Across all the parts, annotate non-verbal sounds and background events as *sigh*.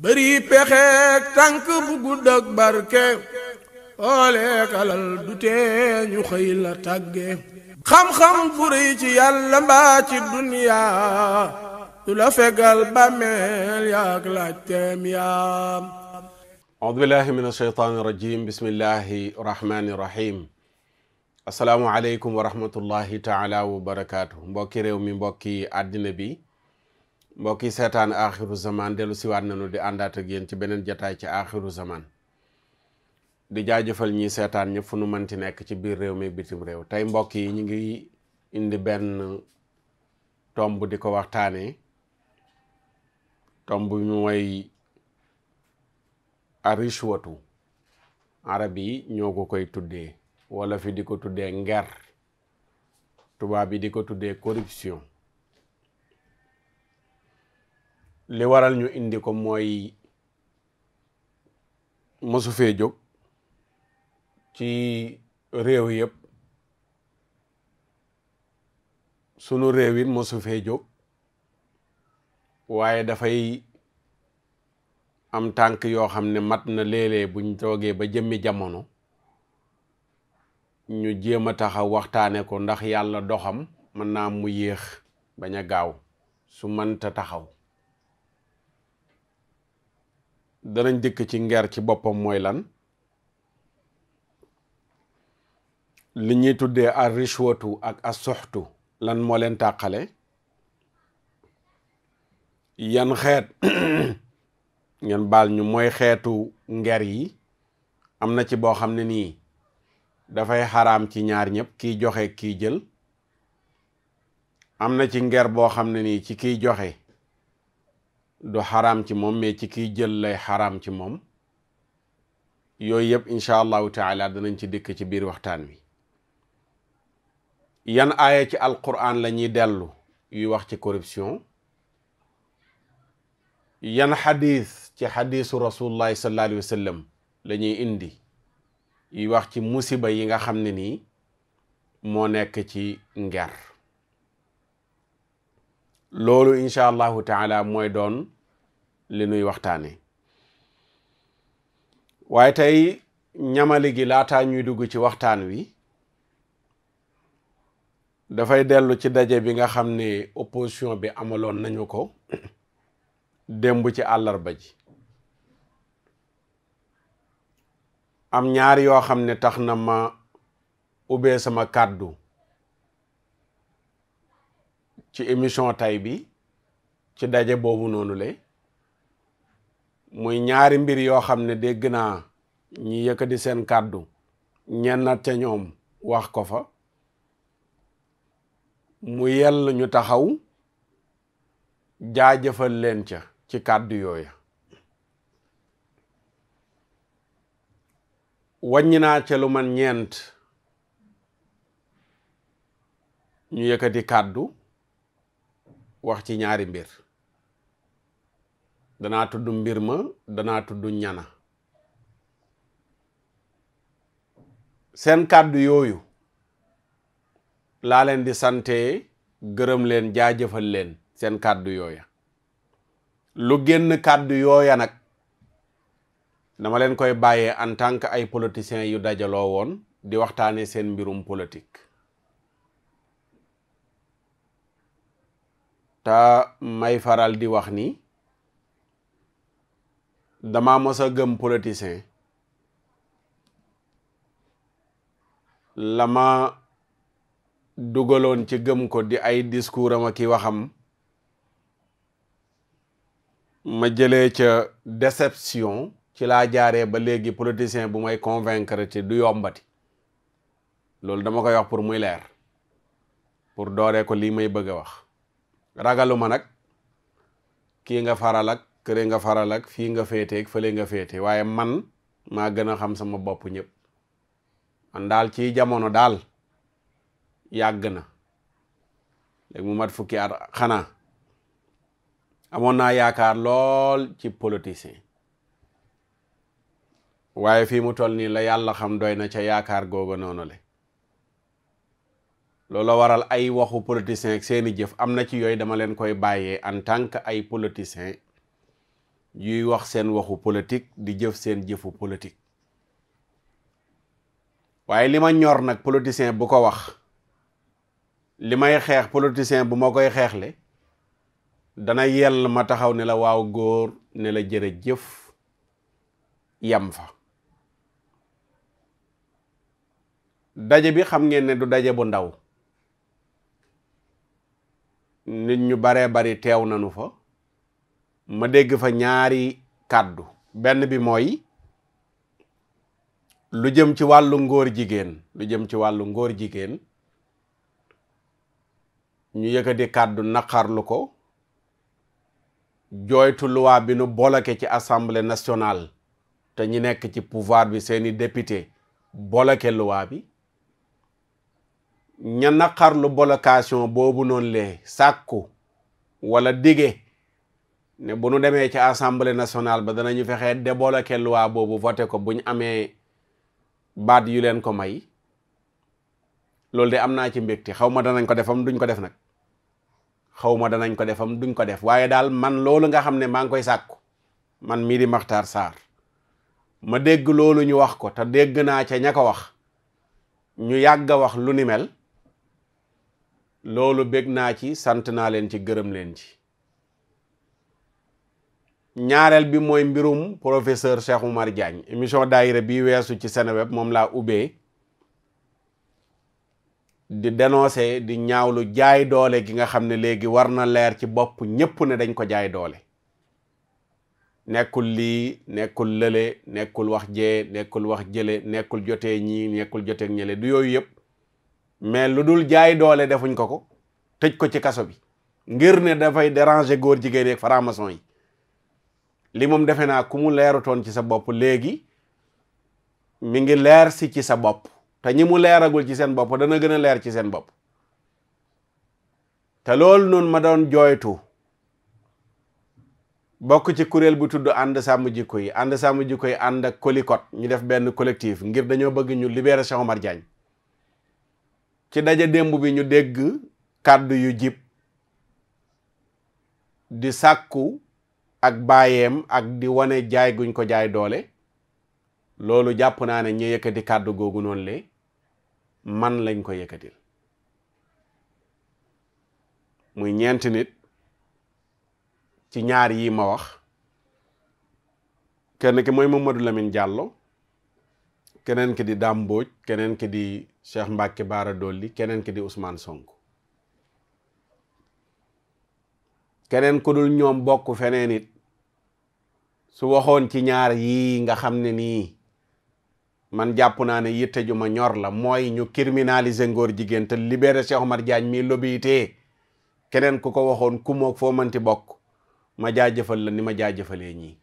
bëri pexeek tànk bu gudd ak barke xoolee kalal du tee ñu xëy xam-xam bu rëy ci yàlla mbaa ci duniyaa du la fegal bàmmeel yaak laajteem yaam audu billahi min asheytaani irajim bismillahi rahmaani rahim asalaamualeykum wa rahmatullahi taala wa barakaatu mbokki réew mi mbokki àddina bi mbokk yi seetaan axiru zaman dellu siwaat nañu di àndaat ak yéen ci beneen jataay ci axiru zaman di jaajëfal ñii seetaan ñëpp fu nu mënti nekk ci biir réew mi bitim réew tey mbokk yi ñu ngi indi benn tomb di ko waxtaane tomb bi mooy arishwatu arab yi ñoo ko koy tuddee wala fi di ko tuddee nger tubaab yi di ko tuddee corruption li waral ñu indi ko mooy mosu fee jóg ci réew yëpp sunu réew it mosu fee jóg waaye dafay am tànk yoo xam ne mat na léeg-léeg buñ toogee ba jëmmi jamono ñu jéem a taxaw waxtaane ko ndax yàlla doxam mën naa mu yéex bañ a gaaw su mënta taxaw danañ dëkk ci ngeer ci boppam mooy lan li ñuy tuddee ar rishwatu ak as soxtu lan moo leen tàqale yan xeet *coughs* ngeen baal ñu mooy xeetu nger yi am na ci boo xam ne nii dafay xaraam ci ñaar ñëpp kiy joxe kiy jël am na ci ngeer boo xam ne nii ci kiy joxe du xaraam ci moom mais ci kiy jël lay xaraam ci moom yooyu yëpp incha allahu taala danañ ci dikk ci biir waxtaan wi yan aaya ci alquran la ñuy dellu yuy wax ci corruption yan xadis ci xadisu rasulullahi sallallahu alayhi wa sallam indi yuy wax ci musiba yi nga xam ne nii moo nekk ci nger loolu incha allahu taala mooy doon li nuy waxtaane waaye tey ñamali gi laataa ñuy dugg ci waxtaan wi dafay dellu ci daje bi nga xam ne opposition bi amaloon nañu ko *coughs* démb ci àllarba ji am ñaar yoo xam ne tax na ma ubbee sama kàddu ci émission tay bi ci daje boobu noonu le muy ñaari mbir yoo xam ne dégg naa ñi yëkkati seen kàddu ñennat ca ñoom wax ko fa mu yell ñu taxaw jaajëfal leen ca ci kàddu yooya wàññi naa ca lu man ñeent ñu yëkkati kàddu wax ci ñaari mbir danaa tudd mbir ma danaa tudd ñana seen kàddu yooyu laa leen di sante gërëm leen jaajëfal leen seen kàddu yooya lu génn kàddu yooya nag dama leen koy bàyyee en tant que ay politiciens yu dajaloo woon di waxtaane seen mbirum politique te may faral di wax ni dama mos a gëm politicien la ma dugaloon ci gëm ko di ay discours am ki waxam ma jële ca déception ci laa jaaree ba léegi politicien bu may convaincre ci du yombati loolu dama koy wax pour muy leer pour dooree ko lii may bëgg a wax ragaluma nag kii nga faral ak nga faral ak fii nga féeteeg fële nga féete waaye man maa gën a xam sama bopp ñëpp man daal ci jamono daal yàgg na léegi mu mat fukki at xanaa amoon naa yaakaar lool ci politicien waaye fii mu tol nii la yàlla xam doy na ca yaakaar googa noonu le loola waral ay waxu politicien seeni jëf am na ci yooyu dama leen koy bàyyee en tant que ay politicien yuy wax seen waxu politique di jëf seen jëfu politique waaye li ma ñor nag politicien bu ko wax li may xeex politicien bu ma koy xeexle dana yell ma taxaw ne la waaw góor ne la jëf yam fa daje bi xam ngeen ne du daje bu ndaw nit ñu baree bari teew nañu fa ma dégg fa ñaari kàddu benn bi mooy lu jëm ci wàllu ngóor jigéen lu jëm ci wàllu ngóor jigéen ñu yëkkati kàddu naqarlu ko joytu luwaa bi nu boloke ci assemblée national te ñu nekk ci pouvoir bi seeni dépité boloke luwaa bi ña xarlu bolocation boobu noonu lee sàkku wala dige ne bu nu demee ci assemblée national ba danañu fexee débloquer loi boobu voté ko bu ñu amee baat yu leen ko may loolu de am naa ci mbégte xaw ma danañ ko defam duñ ko def nag xaw ma danañ ko defam duñ ko def waaye daal man loolu nga xam ne maa ngi koy sàkku man mii di Makhtar Sarr ma dégg loolu ñu wax ko te dégg naa ca ña ko wax ñu yàgg a wax lu nimel loolu bég naa ci sant naa leen ci gërëm leen ci ñaareel bi mooy mbirum professeur Cheikh Oumar Diagne émission daayira bi weesu ci Seneweb moom laa ubbee di dénoncer di ñaawlu jaay doole gi nga xam ne léegi war na leer ci bopp ñépp ne dañ ko jaay doole nekkul lii nekkul lële nekkul wax jee nekkul wax jële nekkul jotee ñi nekkul jotee ñële du yooyu yëpp mais lu dul jaay doole defuñ ko ko tëj ko ci kaso bi ngir ne dafay déranger góor jigéen yeeg franc yi li moom defe naa ku mu leerutoon ci sa bopp léegi mi ngi leer si ci sa bopp te ñi mu leeragul ci seen bopp dana gën a leer ci seen bopp te loolu noonu ma doon jooytu bokk ci kuréel bu tudd ànd sàmm jikko yi ànd sàmm jikko yi ànd ak kolikot ñu def benn collective ngir dañoo bëgg ñu liberation Cheikh Omar ci daje démb bi ñu dégg kàddu yu jib di sàkku ak bàyyeem ak di wane jaay guñ ko jaay doole loolu jàpp naa ne ñu yëkkati kàddu googu noonu le man lañ ko yëkkatil muy ñeenti nit ci ñaar yi ma wax kenn ki mooy Mamadou Lamine jàlloo keneen ki di Dame keneen ki di Cheikh Mbacke Baara Dolli keneen ki di Ousmane Sonko keneen ku dul ñoom bokk feneen it su waxoon ci ñaar yii nga xam ne nii man jàpp naa ne yitte ju ma ñor la mooy ñu criminaliser ngóor jigéen te libéré Cheikh Omar Diagne mii lobité keneen ku ko waxoon ku moog man ti bokk ma jaajëfal la ni ma jaajëfalee ñii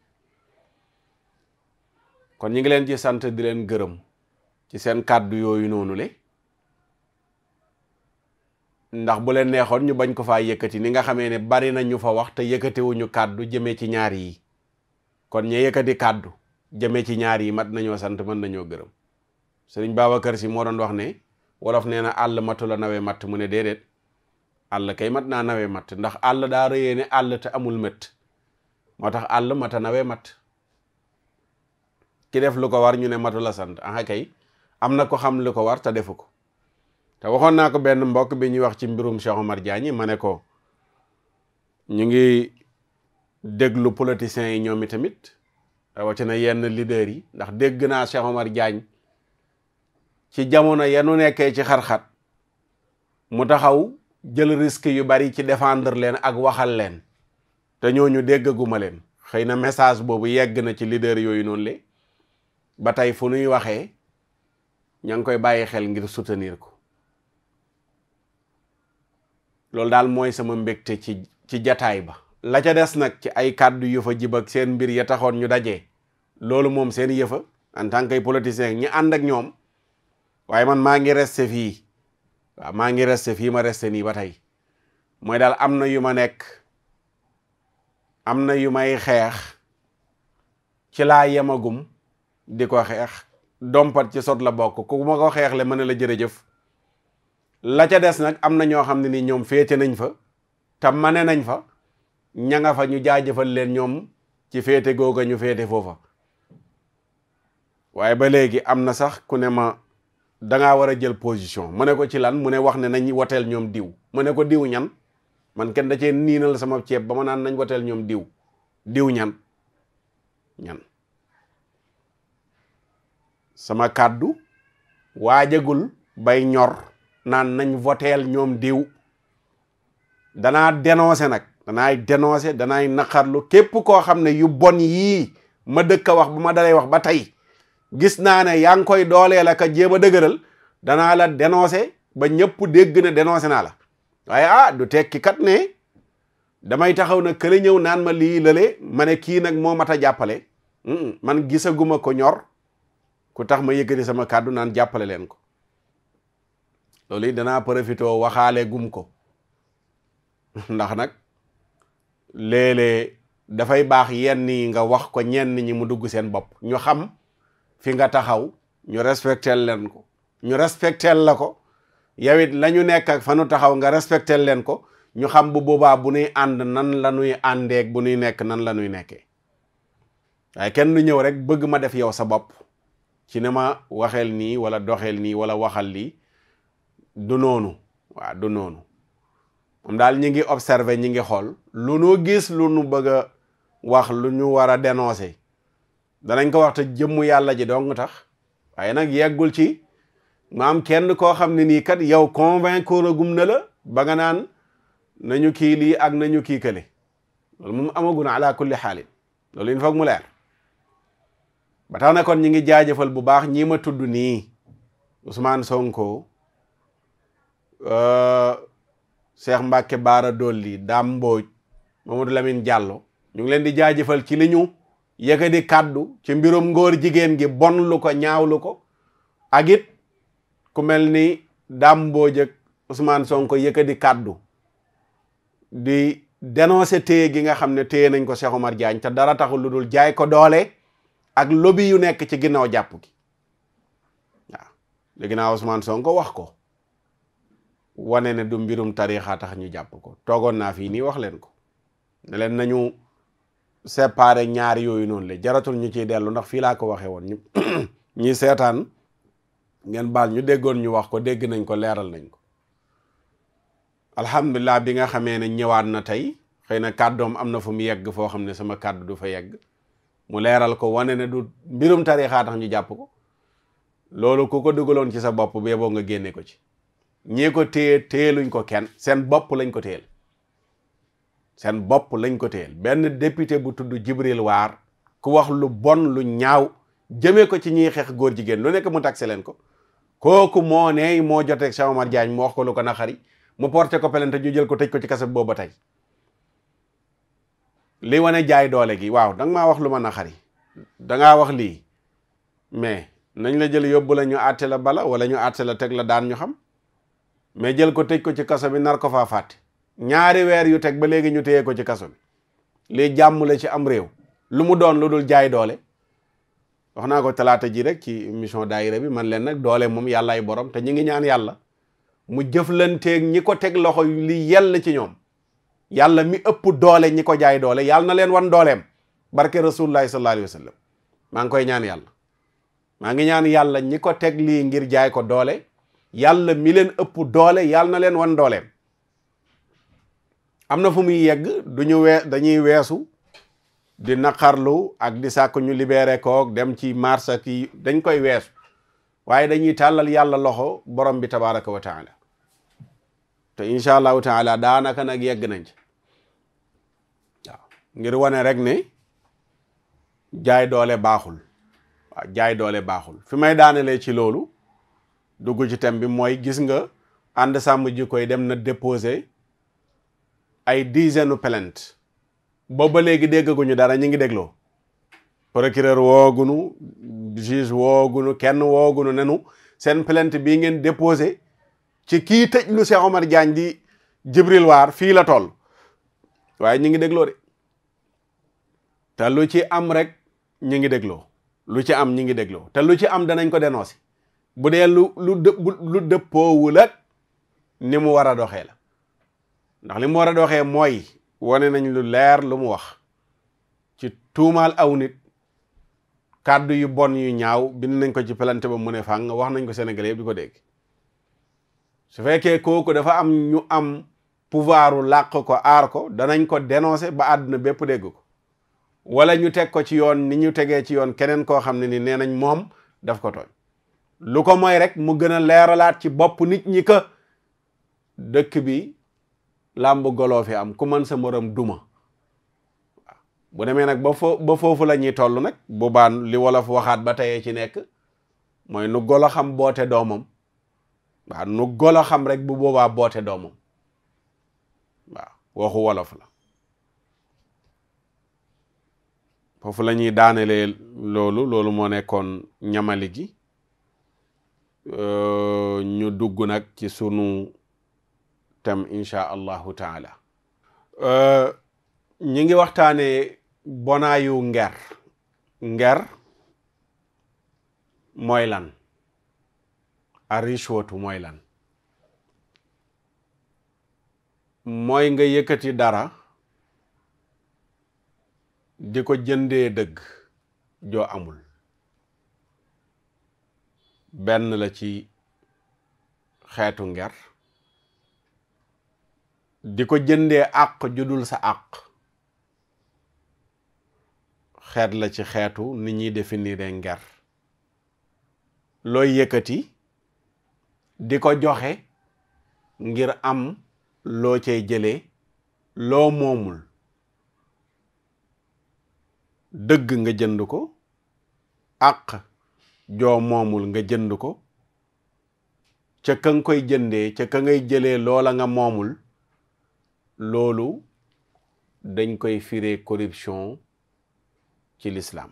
kon ñu ngi leen ci sant di leen gërëm ci seen kàddu yooyu noonu le ndax bu leen neexoon ñu bañ ko fa yëkkati ni nga xamee ne bari na ñu fa wax te yëkkatiwuñu kàddu jëmee ci ñaar yi kon ñe yëkkati kàddu jëmee ci ñaar yi mat nañoo sant mën nañoo gërëm sëriñ Babacar si moo doon wax ne wolof nee na àll matula nawee nawe matt mu ne déedéet àll kay mat naa nawee matt ndax àll daa rëyee ne àll te amul mët moo tax àll mata nawee matt ki def lu ko war ñu ne matu la sant aha kay am na ko xam li ko war te defu ko te waxoon naa ko benn mbokk bi ñuy wax ci mbirum Cheikh Omar Diagne ma ne ko ñu ngi déglu politiciens yi ñoom itamit rawatina yenn leaders yi ndax dégg naa Cheikh Omar Diagne ci jamono yenu nekkee ci xar-xat mu taxaw jël risque yu bari ci défendre leen ak waxal leen te ñooñu déggaguma leen xëy na message boobu yegg na ci leader yooyu noonu le ba tey fu nuy waxee ña ngi koy bàyyi xel ngir soutenir ko loolu daal mooy sama mbégte ci ci jataay ba la ca des nag ci ay kàddu yu fa ak seen mbir ya taxoon ñu dajee loolu moom seen yëfa en tant que politicien ñi ànd ak ñoom waaye man maa ngi resté fii waaw maa ngi resté fii ma reste nii ba tey mooy daal am na yu ma nekk am na yu may xeex ci laa yemagum di ko xeex dompat ci sot la bokk ku ma ko xeexle mën na la jërëjëf la ca des nag am na ñoo xam ne nii ñoom féete nañ fa te mane nañ fa ña fa ñu jaajëfal leen ñoom ci féete googa ñu féete foofa waaye ba léegi am na sax ku ne ma dangaa war a jël position mu ne ko ci lan mu ne wax ne nañ woteel ñoom diw mu ne ko diw ñan man kenn da cee niinal sama ceeb ba ma naan nañ woteel ñoom diw diw ñan ñan sama kàddu waajagul bay ñor naan nañ voteel ñoom diw danaa dénoncé nag danaay dénoncé danaay naqarlu képp koo xam ne yu bon yii ma dëkk a wax bu ma dalay wax ba tey gis naa ne yaa ngi koy dooleel ak a a dëgëral danaa la dénoncé ba ñëpp dégg ne dénoncé naa la waaye ah du tekki kat ne damay taxaw na kële ñëw naan ma lii lële ma ne kii nag moo mat a jàppale man gisaguma ko ñor ku tax ma yëkkati sama kàddu naan jàppale leen ko loolu it danaa profité waxaale gum ko ndax nag léeg-léeg dafay baax yenn yi nga wax ko ñenn ñi mu dugg seen bopp ñu xam fi nga taxaw ñu respectel leen ko ñu respectel la ko yow it la ñu nekk fa nu taxaw nga respectel leen ko ñu xam bu boobaa bu nuy ànd nan la nuy àndeek bu nuy nekk nan la nuy nekkee waaye kenn du ñëw rek bëgg ma def yow sa bopp ci ne ma waxeel nii wala doxeel nii wala waxal lii du noonu waaw du noonu moom daal ñi ngi observé ñi ngi xool lu nu gis lu nu bëgg wax lu ñu war a dénoncé danañ ko wax te jëmm yàlla ji dong tax waaye nag yeggul ci ma kenn koo xam ne nii kat yow convaincre gum na la ba naan nañu kii lii ak nañu kii kële loolu moom amagun ala kulli xaalin loolu il faut mu leer ba tax na kon ñi ngi jaajëfal bu baax ñi ma tudd nii Ousmane Sonko euh, Cheikh mbake Baara Dolli Dame Mbodj Mamadou Lamine Diallo ñu ngi leen di jaajëfal ci li ñu yëkkati kàddu ci mbirum ngóor jigéen gi bon lu ko ñaawlu ko ak it ku mel ni Dame Mbodj ak Ousmane Sonko yëkkati kàddu di dénoncer téye gi nga xam ne téye nañ ko Cheikh Omar Diagne dara taxul lu dul jaay ko doole ak lobi yu nekk ci ginnaaw jàpp ki waaw léegi naa Ousmane Sonko wax ko wane ne du mbirum tariixa tax ñu jàpp ko toogoon naa fii nii wax leen ko ne leen nañu séparé ñaar yooyu noonu la jaratul ñu ciy dellu ndax fii laa ko waxee woon ñu *coughs* ñi seetaan ngeen baal ñu déggoon ñu wax ko dégg nañ ko leeral nañ ko alhamdulilah bi nga xamee ne ñëwaat na tey xëy na kàddoom am na fu mu yegg foo xam ne sama kàddu du fa yegg mu leeral ko wane ne du mbirum tariixa tax ñu jàpp ko loolu ku ko dugaloon ci sa bopp bee boo nga génne ko ci ñi ko téye téyeluñ ko kenn seen bopp lañ ko téyel seen bopp lañ ko téyel benn député bu tudd Jibril Waar ku wax lu bon lu ñaaw jëmee ko ci ñiy xeex góor jigéen lu nekk mu taxe leen ko kooku moo ne moo jote Cheikh Omar Diagne mu wax ko lu ko naqari mu porté ko plainte ñu jël ko tëj ko ci kaso ba tey li wane jaay doole gi waaw danga maa wax lu ma naqari dangaa wax lii mais nañ la jël yóbbu la ñu àtte la bala wala ñu àtte la teg la daan ñu xam mais jël ko teg ko ci kaso bi nar ko faa fàtte ñaari weer yu teg ba léegi ñu téye ko ci kaso bi lii jàmm la ci am réew lu mu doon lu dul jaay doole wax naa ko talaata ji rek ci mission daayira bi man leen nag doole moom yàlla yàllaay borom te ñu ngi ñaan yàlla mu jëflanteeg ñi ko teg loxo li la ci ñoom yàlla mi ëpp doole ñi ko jaay doole yàlla na leen wan dooleem barke rasulullahi sallallahu alayhi wa sallam maa ngi koy ñaan yàlla maa ngi ñaan yàlla ñi ko teg lii ngir jaay ko doole yàlla mi leen ëpp doole yàlla na leen wan dooleem am na fu muy yegg du ñu wee dañuy weesu di naqarlu ak di sàkk ñu libéré koog dem ci mars ki yi dañ koy weesu waaye dañuy tàllal yàlla loxo borom bi tabaraka wa taala te incha allahu taala daanaka nag yegg nañ ci ngir wane rek ni jaay doole baaxul waaw jaay doole baaxul fi may daanelee ci loolu dugg ci thème bi mooy gis nga ànd sàmm jikko yi dem na déposer ay di dizaine plainte booba léegi déggaguñu dara ñu ngi dégloo procureur woogunu juge woogunu kenn woogunu nenu seen plainte bii ngeen déposé ci kii tëj lu Cheikh Omar Diagne di Djibril War fii la toll waaye ñu ngi dégloo de te lu ci am rek ñu ngi dégloo lu ci am ñu ngi dégloo te lu ci am danañ ko dénoncé bu dee lu lu dë lu ni mu war a doxee la ndax li mu war a doxee mooy wane nañ lu leer lu mu wax ci tuumaal aw nit kàddu yu bon yu ñaaw bind nañ ko ci plante ba mu ne fàng wax nañ ko Sénégalais yëpp di ko dégg su fekkee kooku dafa am ñu am pouvoiru làq ko aar ko danañ ko dénoncer ba àdduna bépp dégg ko wala ñu teg ko ci yoon ni ñu tegee ci yoon keneen koo xam ne ni nee nañ moom def ko tooñ lu ko moy rek mu gën a leeralaat ci bopp nit ñi que dëkk bi làmb golo fi am ku mën sa morom duma bu demee nag ba fo ba foofu la ñuy toll nag bu baan li wolof waxaat ba teyee ci nekk mooy nu golo xam boote doomam waaw nu golo xam rek bu boobaa boote doomam waxu wolof la foofu la ñuy daanelee loolu loolu moo nekkoon ñamali gi euh, ñu dugg nag ci sunu tam incha allahu taala euh, ñi ngi waxtaanee bonaayu nger nger mooy lan a richwatu mooy mooy nga yëkkati dara di ko jëndee dëgg joo amul benn la ci xeetu nger di ko jëndee àq judul sa àq xeet la ci xeetu ni ñuy définir nger looy yëkkati di ko joxe ngir am loo cay jëlee loo moomul dëgg nga jënd ko àq joo moomul nga jënd ko ca ka nga koy jëndee ca ka ngay jëlee loola nga moomul loolu dañ koy firee corruption ci lislaam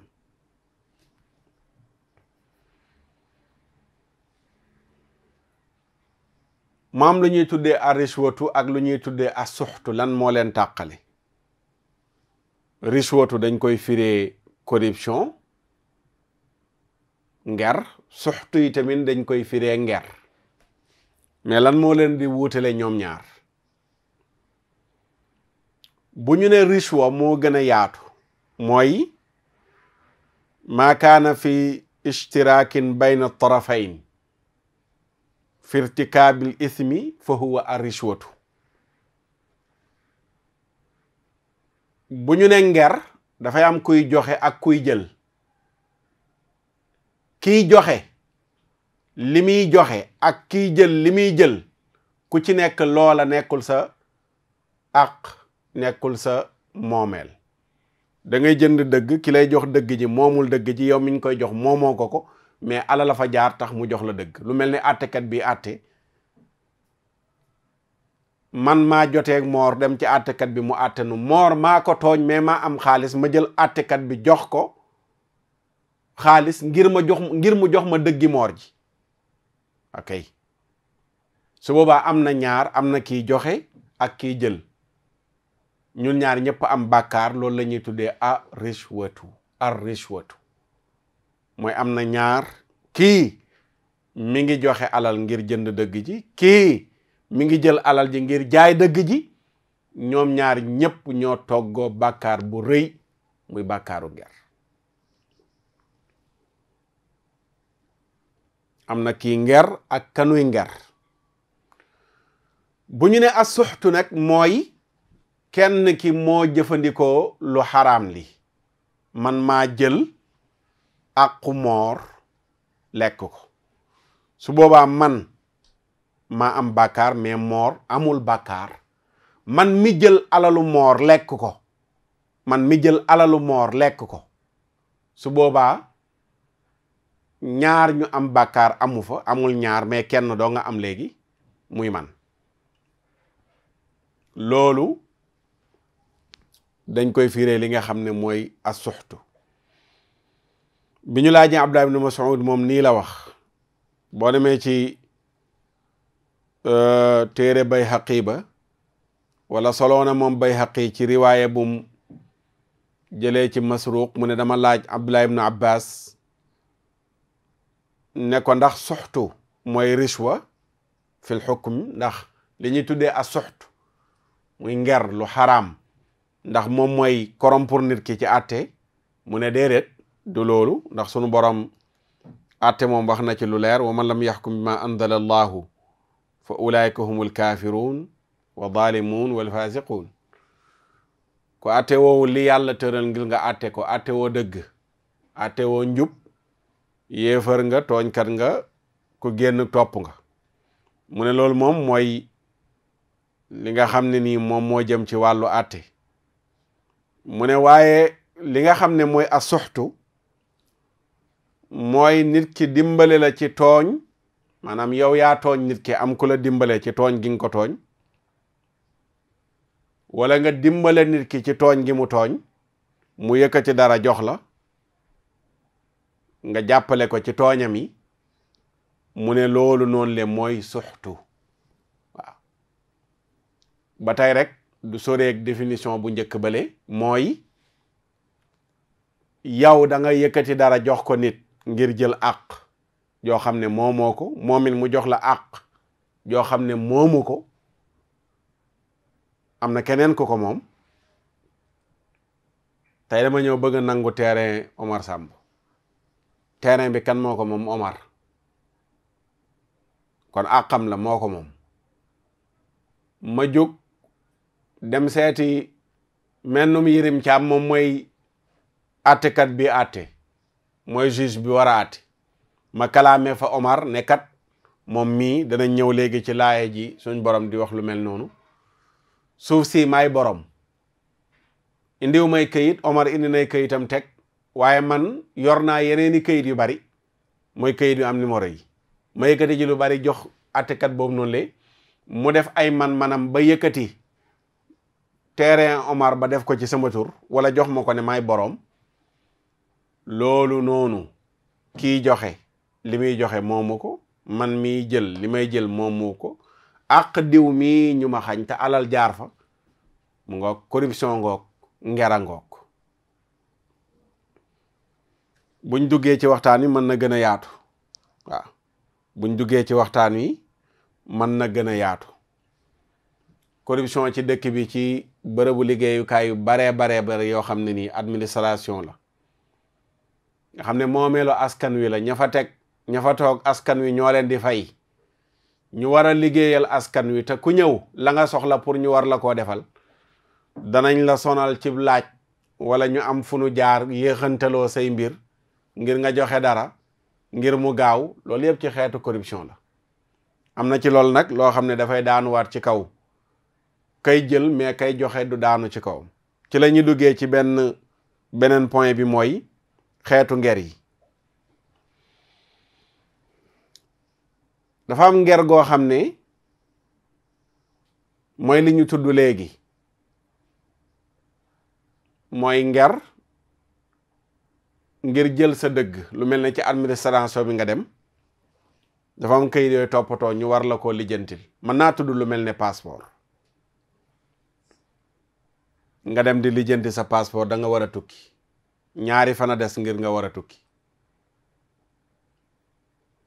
maam lu ñuy tuddee arishwatu ak lu ñuy tuddee asuxtu lan moo leen tàqale rishwatu dañ koy firee corruption nger suxtu yi tamit dañ koy fire nger mais lan moo leen di wuutale ñoom ñaar bu ñu ne rishwa moo gën a yaatu mooy makaana kaana fi ishtiraakin bayna tarafayn firtikaabil ismi fa huwa arishwatu bu ñu ne nger dafay am kuy joxe ak kuy jël kiy joxe li muy joxe ak kiy jël li muy jël ku ci nekk loola nekkul sa àq nekkul sa moomeel dangay ngay jënd dëgg ki lay jox dëgg ji moomul dëgg ji yow mi koy jox moomoo ko ko mais ala fa jaar tax mu jox la dëgg lu mel ni àttekat bi àtte man maa joteeg moor dem ci àttekat bi mu àtte nu moor maa ko tooñ mais maa am xaalis ma jël àttekat bi jox ko xaalis ngir ma jox ngir mu jox ma dëggi moor ji ok su boobaa am na ñaar am na kiy joxe ak kiy jël ñun ñaar ñëpp am bàkkaar loolu la ñuy tuddee ar richwatu ar richwatu mooy am na ñaar kii mi ngi joxe alal ngir jënd dëgg ji kii mi ngi jël alal ji ngir jaay dëgg ji ñoom ñaar ñépp ñoo toggoo bàkkaar bu rëy muy bàkkaaru ger am na kii nger ak kanuy nger bu ñu ne asuxtu nag mooy kenn ki moo jëfandikoo lu xaraam li man maa jël àqu moor lekk ko su boobaa man maa am bàkkaar mais moor amul bàkkaar man mi alalu moor lekk ko man mi jël alalu moor lekk ko su boobaa ñaar ñu am bàkkaar amu fa amul ñaar mais kenn doonga am léegi muy man loolu dañ koy firee li nga xam ne mooy asuxtu bi ñu laajee Abdullah ibn Mas'ud moom nii la wax boo demee ci euh, téere Bayhaqi ba wala soloona moom bay Bayhaqi ci riwaaya bum jëlee ci Masruq mu ne dama laaj Abdullah ibn Abbas ne ko ndax soxtu mooy rishwa fil xukm ndax li ñuy tuddee a soxtu muy nger lu xaraam ndax moom mooy corrompre nit ki ci atte mu ne déedéet du loolu ndax sunu borom atte moom wax na ci lu leer wa man lam yaxkum bi ma anzala allahu fa ulaayka humul kaafiruun wa zaalimuun wal faasiquun ku atte woowu li yàlla tëral ngir nga atte ko atte woo dëgg atte woo njub yéefar nga tooñkat nga ku génn topp nga mu ne loolu moom mooy li nga xam ne nii moom moo jëm ci wàllu atte mu ne waaye li nga xam ne mooy asuxtu mooy nit ki dimbale la ci tooñ maanaam yow yaa tooñ nit ki am ku la dimbale ci tooñ gi nga ko tooñ wala nga dimbale nit ki ci tooñ gi mu tooñ mu yëkkati dara jox la nga jàppale ko ci tooñam yi mu ne loolu noonu le mooy suxtu waaw ba tey rek du soreeg définition bu njëkk bale mooy yow danga nga yëkkati dara jox ko nit ngir jël àq joo xam ne moo moo ko moomin mu jox la àq joo xam ne moomu ko am na keneen ku ko moom tey dama ñëw bëgg a nangu terrain Omar Samb terrain bi kan moo ko moom Omar kon àqam la moo ko moom ma jóg dem seeti mennum yirim caam moom mooy àttekat bi àtte mooy juge bi war a àtte ma kalaamee fa Omar nekkat moom mii dana ñëw léegi ci laaye ji suñ borom di wax lu mel noonu suuf si maay borom indiw may kayit Omar indi nay kayitam teg waaye man yor naa yeneeni kayit yu bari mooy kayit yu am numéro yi ma yëkkati ji lu bari jox àttekat boobu noonu le mu def ay man manam ba yëkkati terrain Omar ba def ko ci sama tur wala jox ma ko ne maay boroom loolu noonu kii joxe li muy joxe moomu ko man mii jël li may jël moomu ko àq diw mii ñu ma xañ te alal jaar fa mu ngoog corruption ngoog ngera ngoog buñ duggee ci waxtaan wi mën na gën a yaatu waaw buñ duggee ci waxtaan wi mën na gën a yaatu corruption ci dëkk bi ci bërëbu liggéeyukaay yu baree baree bare yoo xam ne nii administration la nga xam ne moomeelu askan wi la ña fa teg ña fa toog askan wi ñoo leen di fay ñu war a liggéeyal askan wi te ku ñëw la nga soxla pour ñu war la koo defal danañ la sonal ci laaj wala ñu am fu nu jaar yéexantaloo say mbir ngir nga joxe dara ngir mu gaaw loolu yëpp ci xeetu corruption la am na ci loolu nag loo xam ne dafay daanuwaat ci kaw kay jël mais kay joxe du daanu ci kaw ci la ñuy duggee ci benn beneen point bi mooy xeetu nger yi dafa am nger goo xam ne mooy li ñu tudd léegi mooy nger ngir jël sa dëgg lu mel ne ci administration bi nga dem dafa am kayit yooyu toppatoo ñu war la koo lijjantil mën naa tudd lu mel ne passeport nga dem di lijjanti sa passeport danga nga war a tukki ñaari fana des ngir nga war a tukki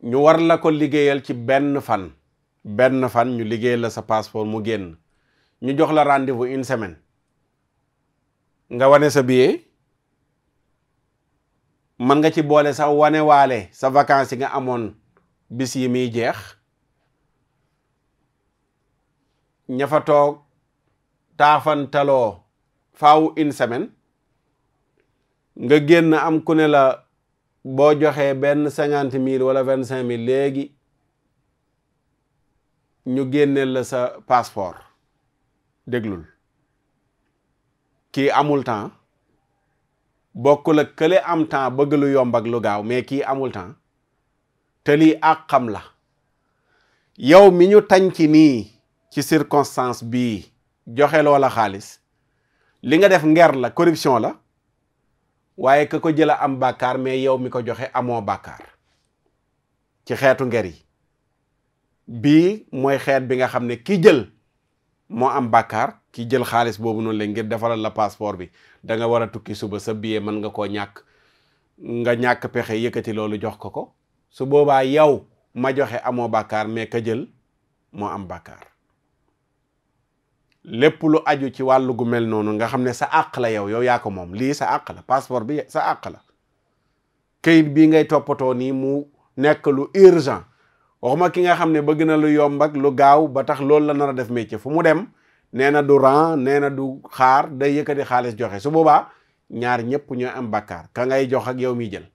ñu war la ko liggéeyal ci benn fan benn fan ñu liggéeyal la sa passeport mu génn ñu jox la rendez-vous une semaine nga wane sa billet mën nga ci boole sa wane waale sa vacances yi nga amoon bis yi muy jeex ña fa toog taafantaloo faaw une semaine nga génn am ku ne la boo joxee benn cinquante mille wala vingt cinq mille léegi ñu génneel la sa passeport déglul kii amul temps bokkul ak kële am temps bëgg lu yombak lu gaaw mais kii amul temps te lii ak xam la yow mi ñu tañ ci nii ci circonstance bii joxe loola xaalis li nga def nger la corruption la waaye ka ko jëla am bàkkaar mais yow mi ko joxe amoo bàkkaar ci xeetu nger yi bii mooy xeet bi nga xam ne ki jël moo am bàkkaar ki jël xaalis boobu noonu la ngir defaral la passeport bi danga war a tukki suba sa billet mën nga koo ñàkk nga ñàkk pexe yëkkati loolu jox ko ko su boobaa yow ma joxe amoo bàkkaar mais ka jël moo am bàkkaar lépp lu aju ci wàllu gu mel noonu nga xam ne sa àq la yow yow yaako moom lii sa àq la passeport bi sa àq la kayit bi ngay toppatoo nii mu nekk lu urgent waxuma ki nga xam ne bëgg na lu yomb lu gaaw ba tax loolu la nar a def métier fu mu dem nee na du rang nee na du xaar day yëkkati xaalis joxe su boobaa ñaar ñëpp ñooy am bakkaar ka ngay jox ak yow miy jël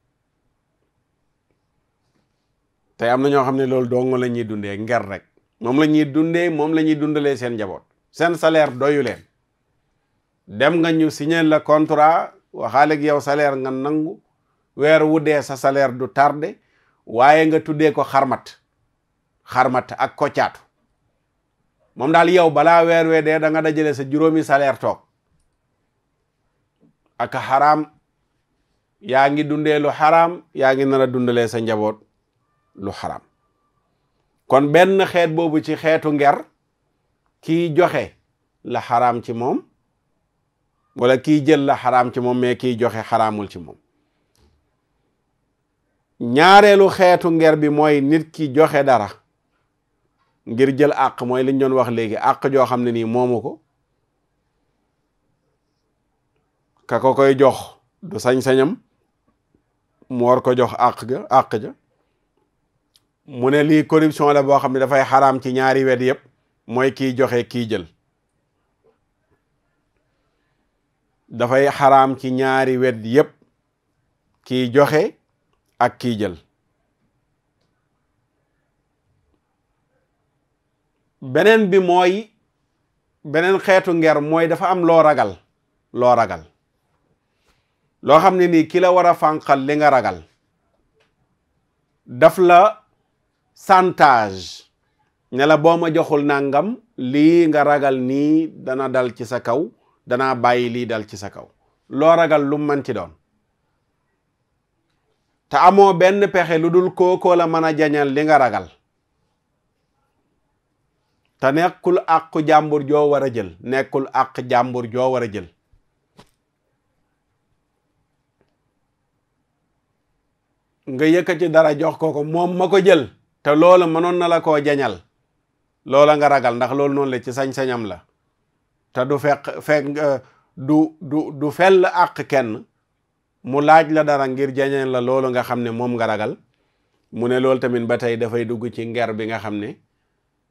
tey am na ñoo xam ne loolu dong la ñuy dundee nger rek moom la ñuy dundee moom la ñuy dundalee seen njaboot seen salaire doyu dem nga ñu signé la contrat waxaale ak yow salaire nga nangu weer wu dee sa salaire du tardé waaye nga tuddee ko xarmat xarmat ak koccaatu moom daal yow balaa weer wee dee da nga sa juróomi salaire toog ak xaraam yaa ngi dundee lu xaraam yaa ngi nar a dundalee sa njaboot lu xaraam kon benn xeet boobu ci xeetu nger kii joxe la xaraam ci moom walla kii jël la xaraam ci moom mais kii joxe xaraamul ci moom ñaareelu xeetu nger bi mooy nit ki joxe dara ngir jël àq mooy liñ doon wax léegi àq joo xam ne nii moomu ko ka ko koy jox du sañ-sañam mu war ko jox àq ga àq ja mu ne lii corruption la boo xam ne dafay xaram ci ñaari wet yëpp mooy kiy joxe kiy dafay xaraam ci ñaari wet yépp kiy joxe ak kiy jël beneen bi mooy beneen xeetu nger mooy dafa am loo ragal loo ragal loo xam ne ni ki la war a fànqal li nga ragal daf la chantage ne la boo ma joxul nangam lii nga ragal nii dana dal ci sa kaw danaa bàyyi lii dal ci sa kaw loo ragal lu mën ci doon te amoo benn pexe lu dul ko la mën a jañal li nga ragal te nekkul àqu jàmbur joo war a jël nekkul àq jàmbur joo war a jël nga ci dara jox ko ko moom ma ko jël te loolu mënoon na la koo jañal loola nga ragal ndax loolu noonu la ci sañ-sañam la te du fekk fekk euh, du du du fell àq kenn mu laaj la dara ngir jañeen la loolu nga xam ne moom nga ragal mu ne loolu tamit ba tey dafay dugg ci nger bi nga xam ne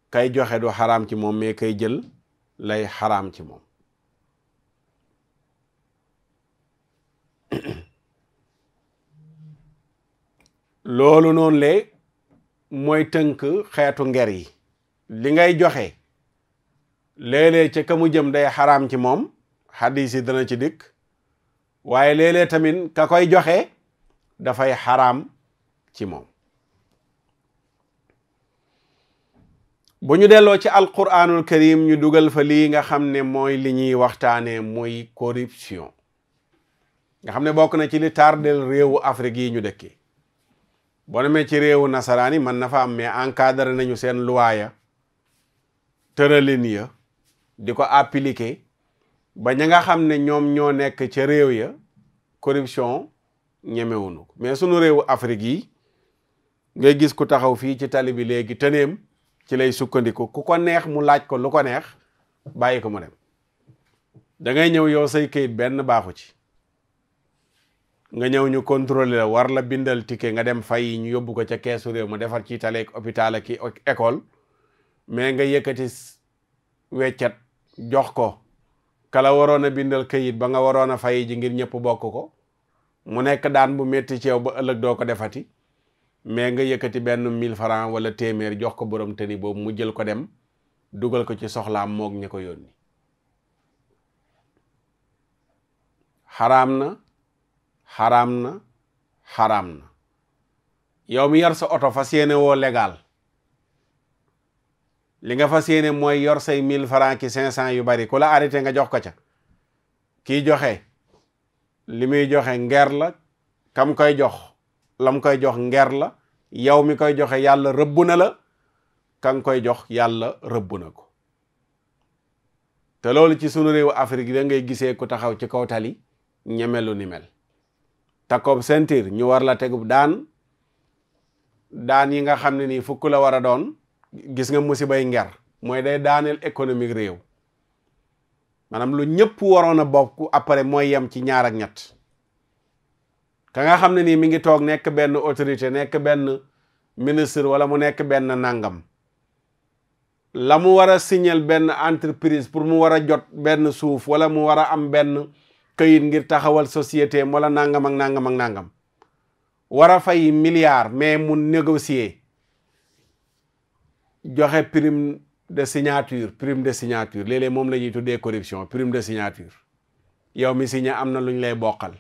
kay joxe du xaraam ci moom mais kay jël lay xaraam ci moom *coughs* loolu noonu le mooy tënk xeetu nger yi li ngay joxe léeg-léeg ka mu jëm day xaraam ci moom xadis dana ci dikk waaye léeg tamit ka koy joxe dafay xaraam ci moom bu ñu delloo ci alquranul karim ñu dugal fa lii nga xam ne mooy li ñuy waxtaanee mooy corruption nga xam ne bokk na ci li tardel réewu Afrique yi ñu dëkkee boo demee ci réewu nasaraan yi mën na fa am mais encadré nañu seen luwaaya tëralin ya di ko appliquer ba ña nga xam ne ñoom ñoo nekk ca réew ya corruption ñemewunu ko mais sunu réewu Afrique yi ngay gis ku taxaw fii ci tali bi léegi tëneem ci lay sukkandiku ku ko neex mu laaj ko lu ko neex bàyyi ko mu dem dangay ñëw yow say kayit benn baaxu ci nga ñëw ñu contrôler la war la bindal ticket nga dem fay ñu yóbbu ko ca keesu réew mu defar ci tali ak hôpital ak école mais nga yëkkati weccat jox ko kala waroon a bindal kayit ba nga waroon a fay ji ngir ñëpp bokk ko mu nekk daan bu metti ci yow ba ëllëg doo ko defati mais nga yëkkati benn mille francs wala téeméer jox ko borom teni boobu mu jël ko dem dugal ko ci soxlaam moog ña ko yónni xaraam na xaraam na xaraam na yow mi yar sa oto fa yéene woo légal li nga fas yéene mooy yor say mille francs ki cinq cent yu bari ku la arrêté nga jox ko ca kii joxe li muy joxe ngeer la kam koy jox lam koy jox ngeer la yow mi koy joxe yàlla rëbb na la kan koy jox yàlla rëbb na ko te loolu ci sunu réewu Afrique da ngay gisee ku taxaw ci kaw tali ñemelu ni mel takkob sentir ñu war la tegub daan daan yi nga xam ne nii fukk la war a doon gis nga musibay nger mooy day daaneel économique réew maanaam lu ñëpp waroon a bokk après mooy yem ci ñaar ñett ka nga xam ne nii mi ngi toog nekk benn autorité nekk benn ministre wala mu nekk benn nangam la mu war a signal benn entreprise pour mu war a jot benn suuf wala mu war a am benn kayit ngir taxawal société wala nangam ak nangam ak nangam war a milliard mais mu négocier joxe prime de signature prime de signature léeg-léeg moom la ñuy tuddee corruption prime de signature yow mi signé am na lu ñu lay bokkal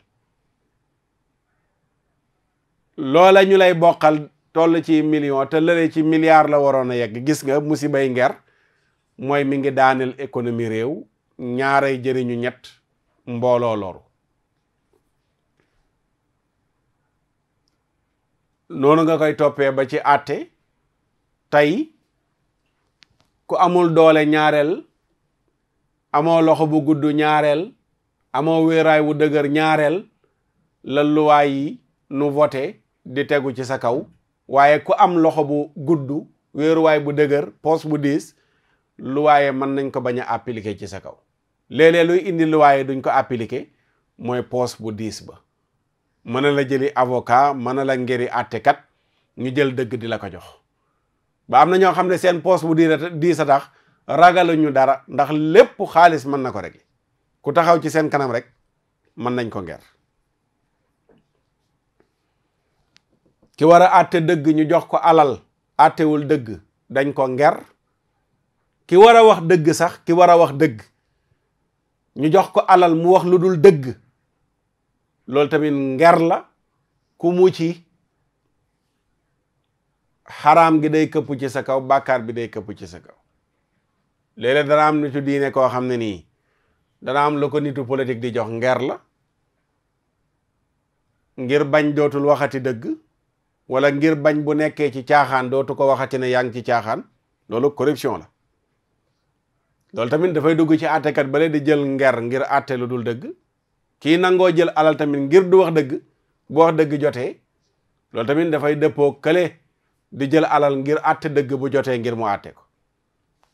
loola ñu lay bokkal toll ci million te ci milliard la waroon a yegg gis nga musibay nger mooy mi ngi daaneel économie réew ñaaray jëriñu ñett mbooloo loru noonu nga koy toppee ba ci àtte tey ku amul doole ñaareel amoo loxo bu gudd ñaareel amoo wéeraay bu dëgër ñaareel la luwaay yi nu voté di tegu ci sa kaw waaye ku am loxo bu gudd wéeruwaay bu dëgër poos bu diis luwaaye mën nañ ko bañ a appliqué ci sa kaw léeg-léeg luy indi luwaaye duñ ko appliqué mooy poos bu diis ba mën na la jëli avocat mën na la ngeri àttekat ñu jël dëgg di la ko jox ba am na ñoo xam ne seen poos bu di dii sa tax ragaluñu dara ndax lépp xaalis mën na ko rek ku taxaw ci seen kanam rek mën nañ ko nger ki war a àtte dëgg ñu jox ko alal àttewul dëgg dañ ko nger ki war a wax dëgg sax ki war a wax dëgg ñu jox ko alal mu wax lu dul dëgg loolu tamit nger la ku mu ci xaraam gi day këppu ci sa kaw bakkaar bi day këppu ci sa kaw léeg-léeg dana am nitu diine koo xam ne nii dana am lu ko nitu politique di jox nger la ngir bañ dootul waxati dëgg wala ngir bañ bu nekkee ci caaxaan dootu ko waxati ne yaa ngi ci caaxaan loolu corruption la loolu tamit dafay dugg ci àttekat bale di jël nger ngir àtte lu dul dëgg kii nangoo jël alal tamit ngir du wax dëgg bu wax dëgg jotee loolu tamit dafay dëppoo kële di jël alal ngir àtte dëgg bu jotee ngir mu àtte ko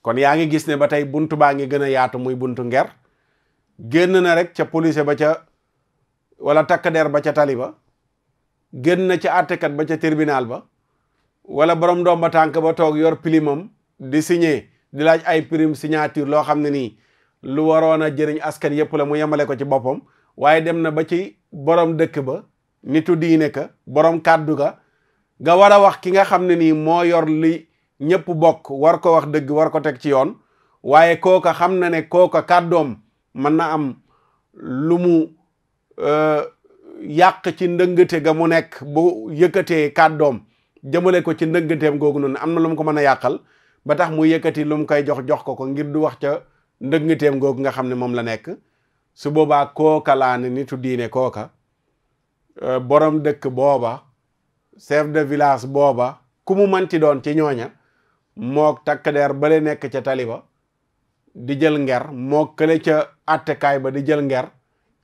kon yaa ngi gis ne ba tey bunt baa ngi gën a yaatu muy buntu nger génn na rek ca police ba ca wala takk ba ca tali ba génn na ca àttekat ba ca tribunal ba wala borom doom ba tànk ba toog yor pilimam di signé di laaj ay prime signature loo xam ne nii lu waroon a jëriñ askan yépp la mu yemale ko ci boppam waaye dem na ba ci borom dëkk ba nitu diine ka borom kàddu ga nga war a wax ki nga xam ne nii moo yor li ñëpp bokk war ko wax dëgg war ko teg ci yoon waaye kooka xam na ne kooka kàddoom mën na am lu mu euh, yàq ci ndëngate ga mu nekk bu yëkkatee kàddoom jëmale ko ci ndëngateem googu noonu am na lu mu ko mën a yàqal ba tax mu yëkkati lu mu koy jox jox ko ko ngir du wax ca ndëngateem googu nga xam ne moom la nekk su boobaa kooka laa ne nitu diine kooka euh, boroom dëkk booba chef de village booba ku mu manti doon ci ñooña mook takk der bale nekk ca tali ba di jël nger mook kële ca attekaay ba di jël nger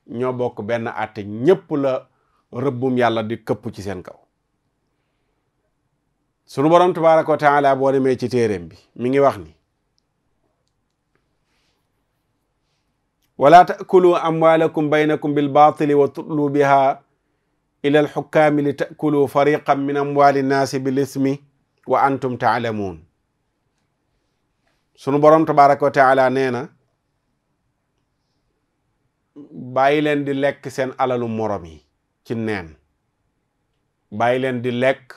ñoo bokk benn atte ñépp la rëbbum yàlla di këpp ci seen kaw sunu borom tabaraka wa taala boo demee ci téeréem bi mi ngi wax ni wala taakulu amwalakum baynakum bil baatili wa tutlu biha ila alxukkaami li takulu fariqan min amwaali nnaasi bil wa antum taalamuun sunu borom tabaraka wa taala nee na bàyyi di lekk seen alalu morom yi ci leen di lekk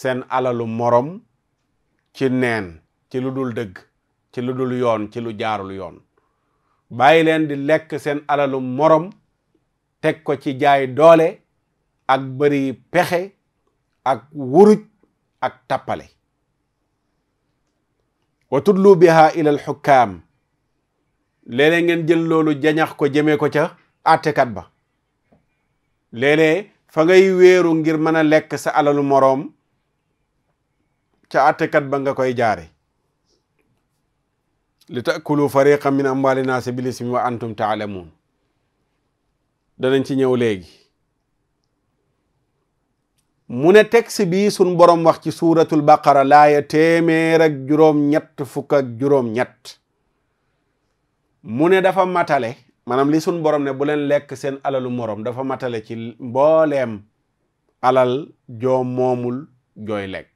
seen alalu morom ci neen ci lu dul dëgg ci lu dul yoon ci lu jaarul yoon bàyyi di lekk seen alalu morom teg ko ci jaay doole ak bëri pexe ak wuruj ak tappale wa tudlu biha ila al xukkaam ngeen jël jañax ko jëmee ko ca àttekat ba léeg fa ngay weeru ngir mën a lekk sa alalu morom ca àttekat ba nga koy jaare li taakulu fariqan min amwali naasi bilismi wa antum taalamuun danañ ci ñëw léegi mu ne texte bii sun borom wax ci suuratul baqara laaya téeméer juróom-ñett fukk juróom-ñett mu ne dafa matale maanaam li sun borom ne bu leen lekk seen alalu morom dafa matale ci mbooleem alal joo moomul jooy lekk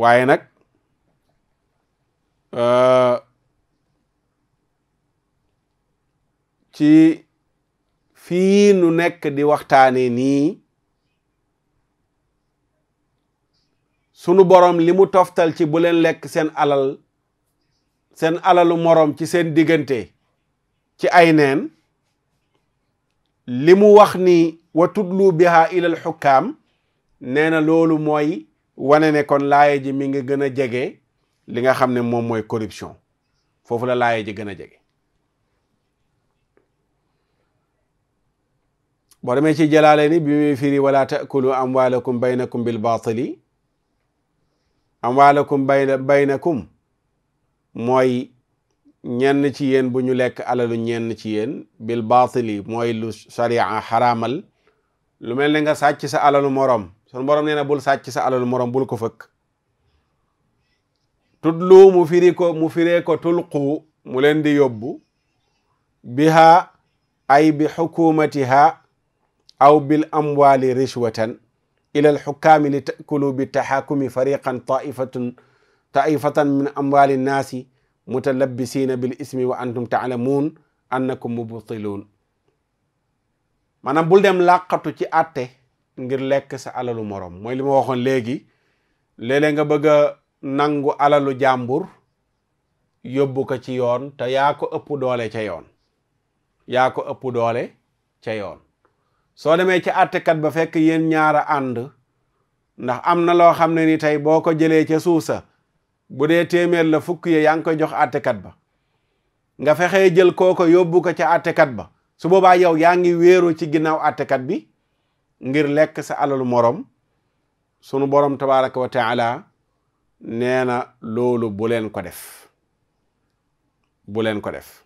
waaye nag euh, ci fii nu nekk di waxtaane nii sunu borom li mu toftal ci bu leen lekk seen alal seen alalu morom ci seen diggante ci ay neen li mu wax ni wa tudlu biha ilal xukkaam nee na loolu mooy wane ne kon laaye ji mi ngi gën a jege li nga xam ne moom mooy corruption foofu la laaye ji gën a jege boo demee ci jalaale ni bi muy firi wala taakulu amwaalakum baynakum bil baatili amwaalakum bayna baynakum mooy ñenn ci yéen bu ñu lekk alalu ñenn ci yéen bil baatili mooy lu sharia xaraamal lu mel ni nga sàcc sa alalu morom so borom nee na bul sàcc sa alalu morom bul ko fëkk tudlu mu firi ko mu firee mu leen di yóbbu biha ay bi xukumatiha aw bil amwaali richwatan ila al xukkaami li takulu bi taxaakumi fariqan taifatun taifatan min amwaali nnaasi mutalabisiina bil ismi wa antum taalamuun annakum mubtiluun maanaam bul dem làqatu ci àtte ngir lekk sa alalu morom mooy li ma waxoon léegi léeg nga bëgg a nangu alalu jàmbur yóbbu ko ci yoon te yaa ko ëpp doole ca yoon yaa ko ëpp doole ca yoon soo demee ci àttekat ba fekk yéen ñaara ànd ndax am na loo xam ne ni tey boo ko jëlee ca suusa bu dee téeméer la fukk ye yaa ngi koy jox àttekat ba nga fexee jël kooko yóbbu ko ca àttekat ba su boobaa yow yaa ngi wéeru ci ginnaaw àttekat bi ngir lekk sa alalu morom sunu borom tabaraka wa taala nee na loolu bu ko def bu leen ko def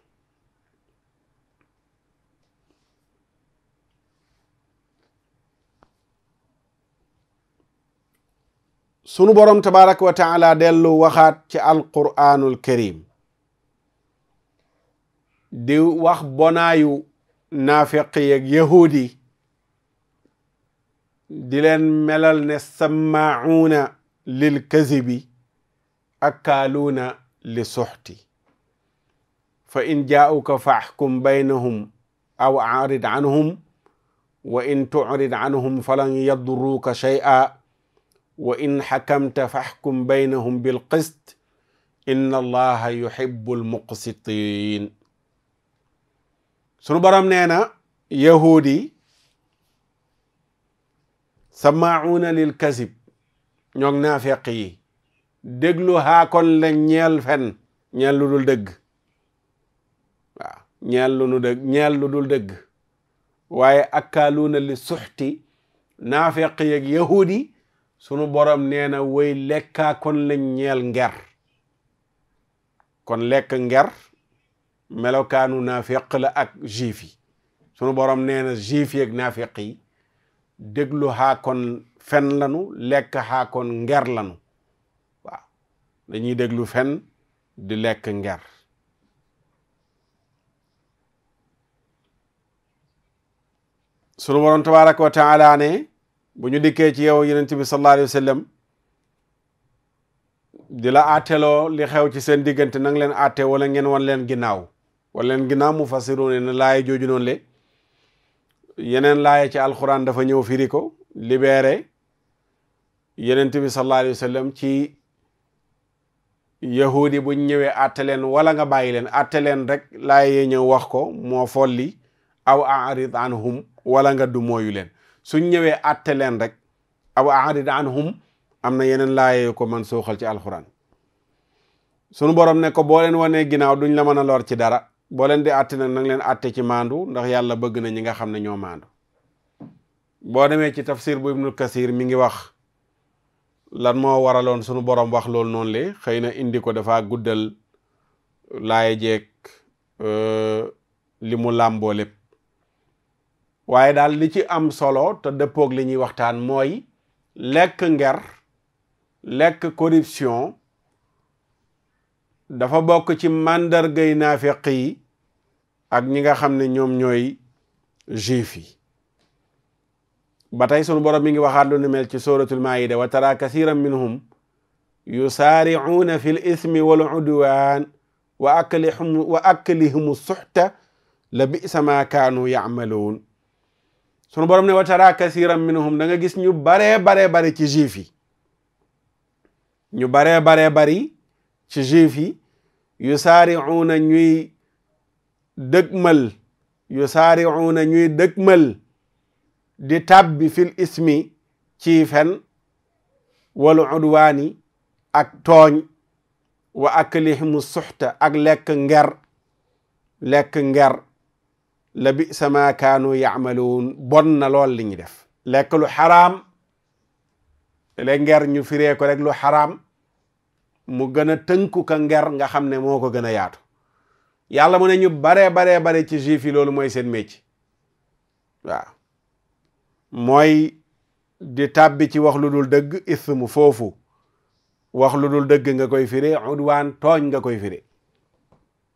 sunu borom tabaraka wa taala dellu waxaat ci alquraanul karim di wax bonaayu naafiq yeeg yahuudi di leen melal ne sammaauuna lil kazibi akkaaluuna li suxti fa in jaauka faxkum baynahum aw aarid anhum wa in tucrid anhum falan yadruuka shay'a wa in xakamta faxkum baynahum bil qist inna allaha yuhibbul muqsitin sunu borom nee na yahuudi yi samaauna lil kasib ñoog naafeq yi déglu xaakon la ñeel fen ñeel lu dul dëgg waaw ñeel lu nu dëgg ñeel lu dul dëgg waaye akkaaluuna li suxti naafeq yeeg yahuudi sunu borom nee na way lekkaa kon lañ ñeel nger kon lekk nger melokaanu naafiq la ak juif sunu borom nee na juif yi ak naafiq yi kon fen lanu lekk xaa kon nger lanu waaw dañuy déglu fen di lekk nger sunu borom tabaraka wa taala ne bu ñu dikkee ci yow yonent bi sallallahu alayhi wa sallam di la àtteloo li xew ci seen diggante nang leen àtte wala ngeen wan leen ginnaaw wala leen ginnaaw mu fassiru ne laay jooju noonu le yeneen laay ci alxuraan dafa ñëw firi ko libéré yonent bi sallallahu alayhi ci yahudi buñ ñëwee àtte wala nga bàyyi leen àtte leen rek layee ñëw wax ko moo folli aw a'rid wala nga du moyu leen suñ ñëwee atte leen rek aw arid anhum am na yeneen laaye ko man sooxal ci alxuraan sunu borom ne ko boo leen wanee ginnaaw duñ la mën a lor ci dara boo leen di àtte nag leen àtte ci maandu ndax yàlla bëgg na ñi nga xam ne ñoo maandu boo demee ci tafsir bu ibnu kasir mi ngi wax lan moo waraloon sunu borom wax loolu noonu le xëy na indi ko dafa guddal laaye jeek euh, li mu làmboo lépp waaye daal li ci am solo te dëppoog li ñuy waxtaan mooy lekk nger lekk corruption dafa bokk ci màndargay naafeq yi ak ñi nga xam ne ñoom ñooy juif yi ba tey sunu borom mi ngi waxaat lu nu mel ci suratul maida wa tara kasiran minhum yusaaricuuna fi ismi wal udwaan wa aklihum wa suxta la bisa ma kaanu yacmaluun sunu borom ne wa tara kasiran minhum da nga gis ñu baree baree bari ci juif ñu bare baree bari ci juif yi yusaariuuna ñuy dëgmal yusaariuuna ñuy dëgmal di tàbbi fil ismi ci fen wal udwaani ak tooñ wa aklihimu suxta ak lekk nger lekk nger la bi sama kaanu yaamaluun bon na lool li ñuy def lekk lu xaraam le nger ñu firee ko rek lu xaraam mu gën a tënku ka nger nga xam ne moo ko gën a yaatu yàlla mu ne ñu baree baree bare ci juif yi loolu mooy seen métier waaw mooy di tàbbi ci wax lu dul dëgg ismu foofu wax lu dul dëgg nga koy fire udwaan tooñ nga koy fire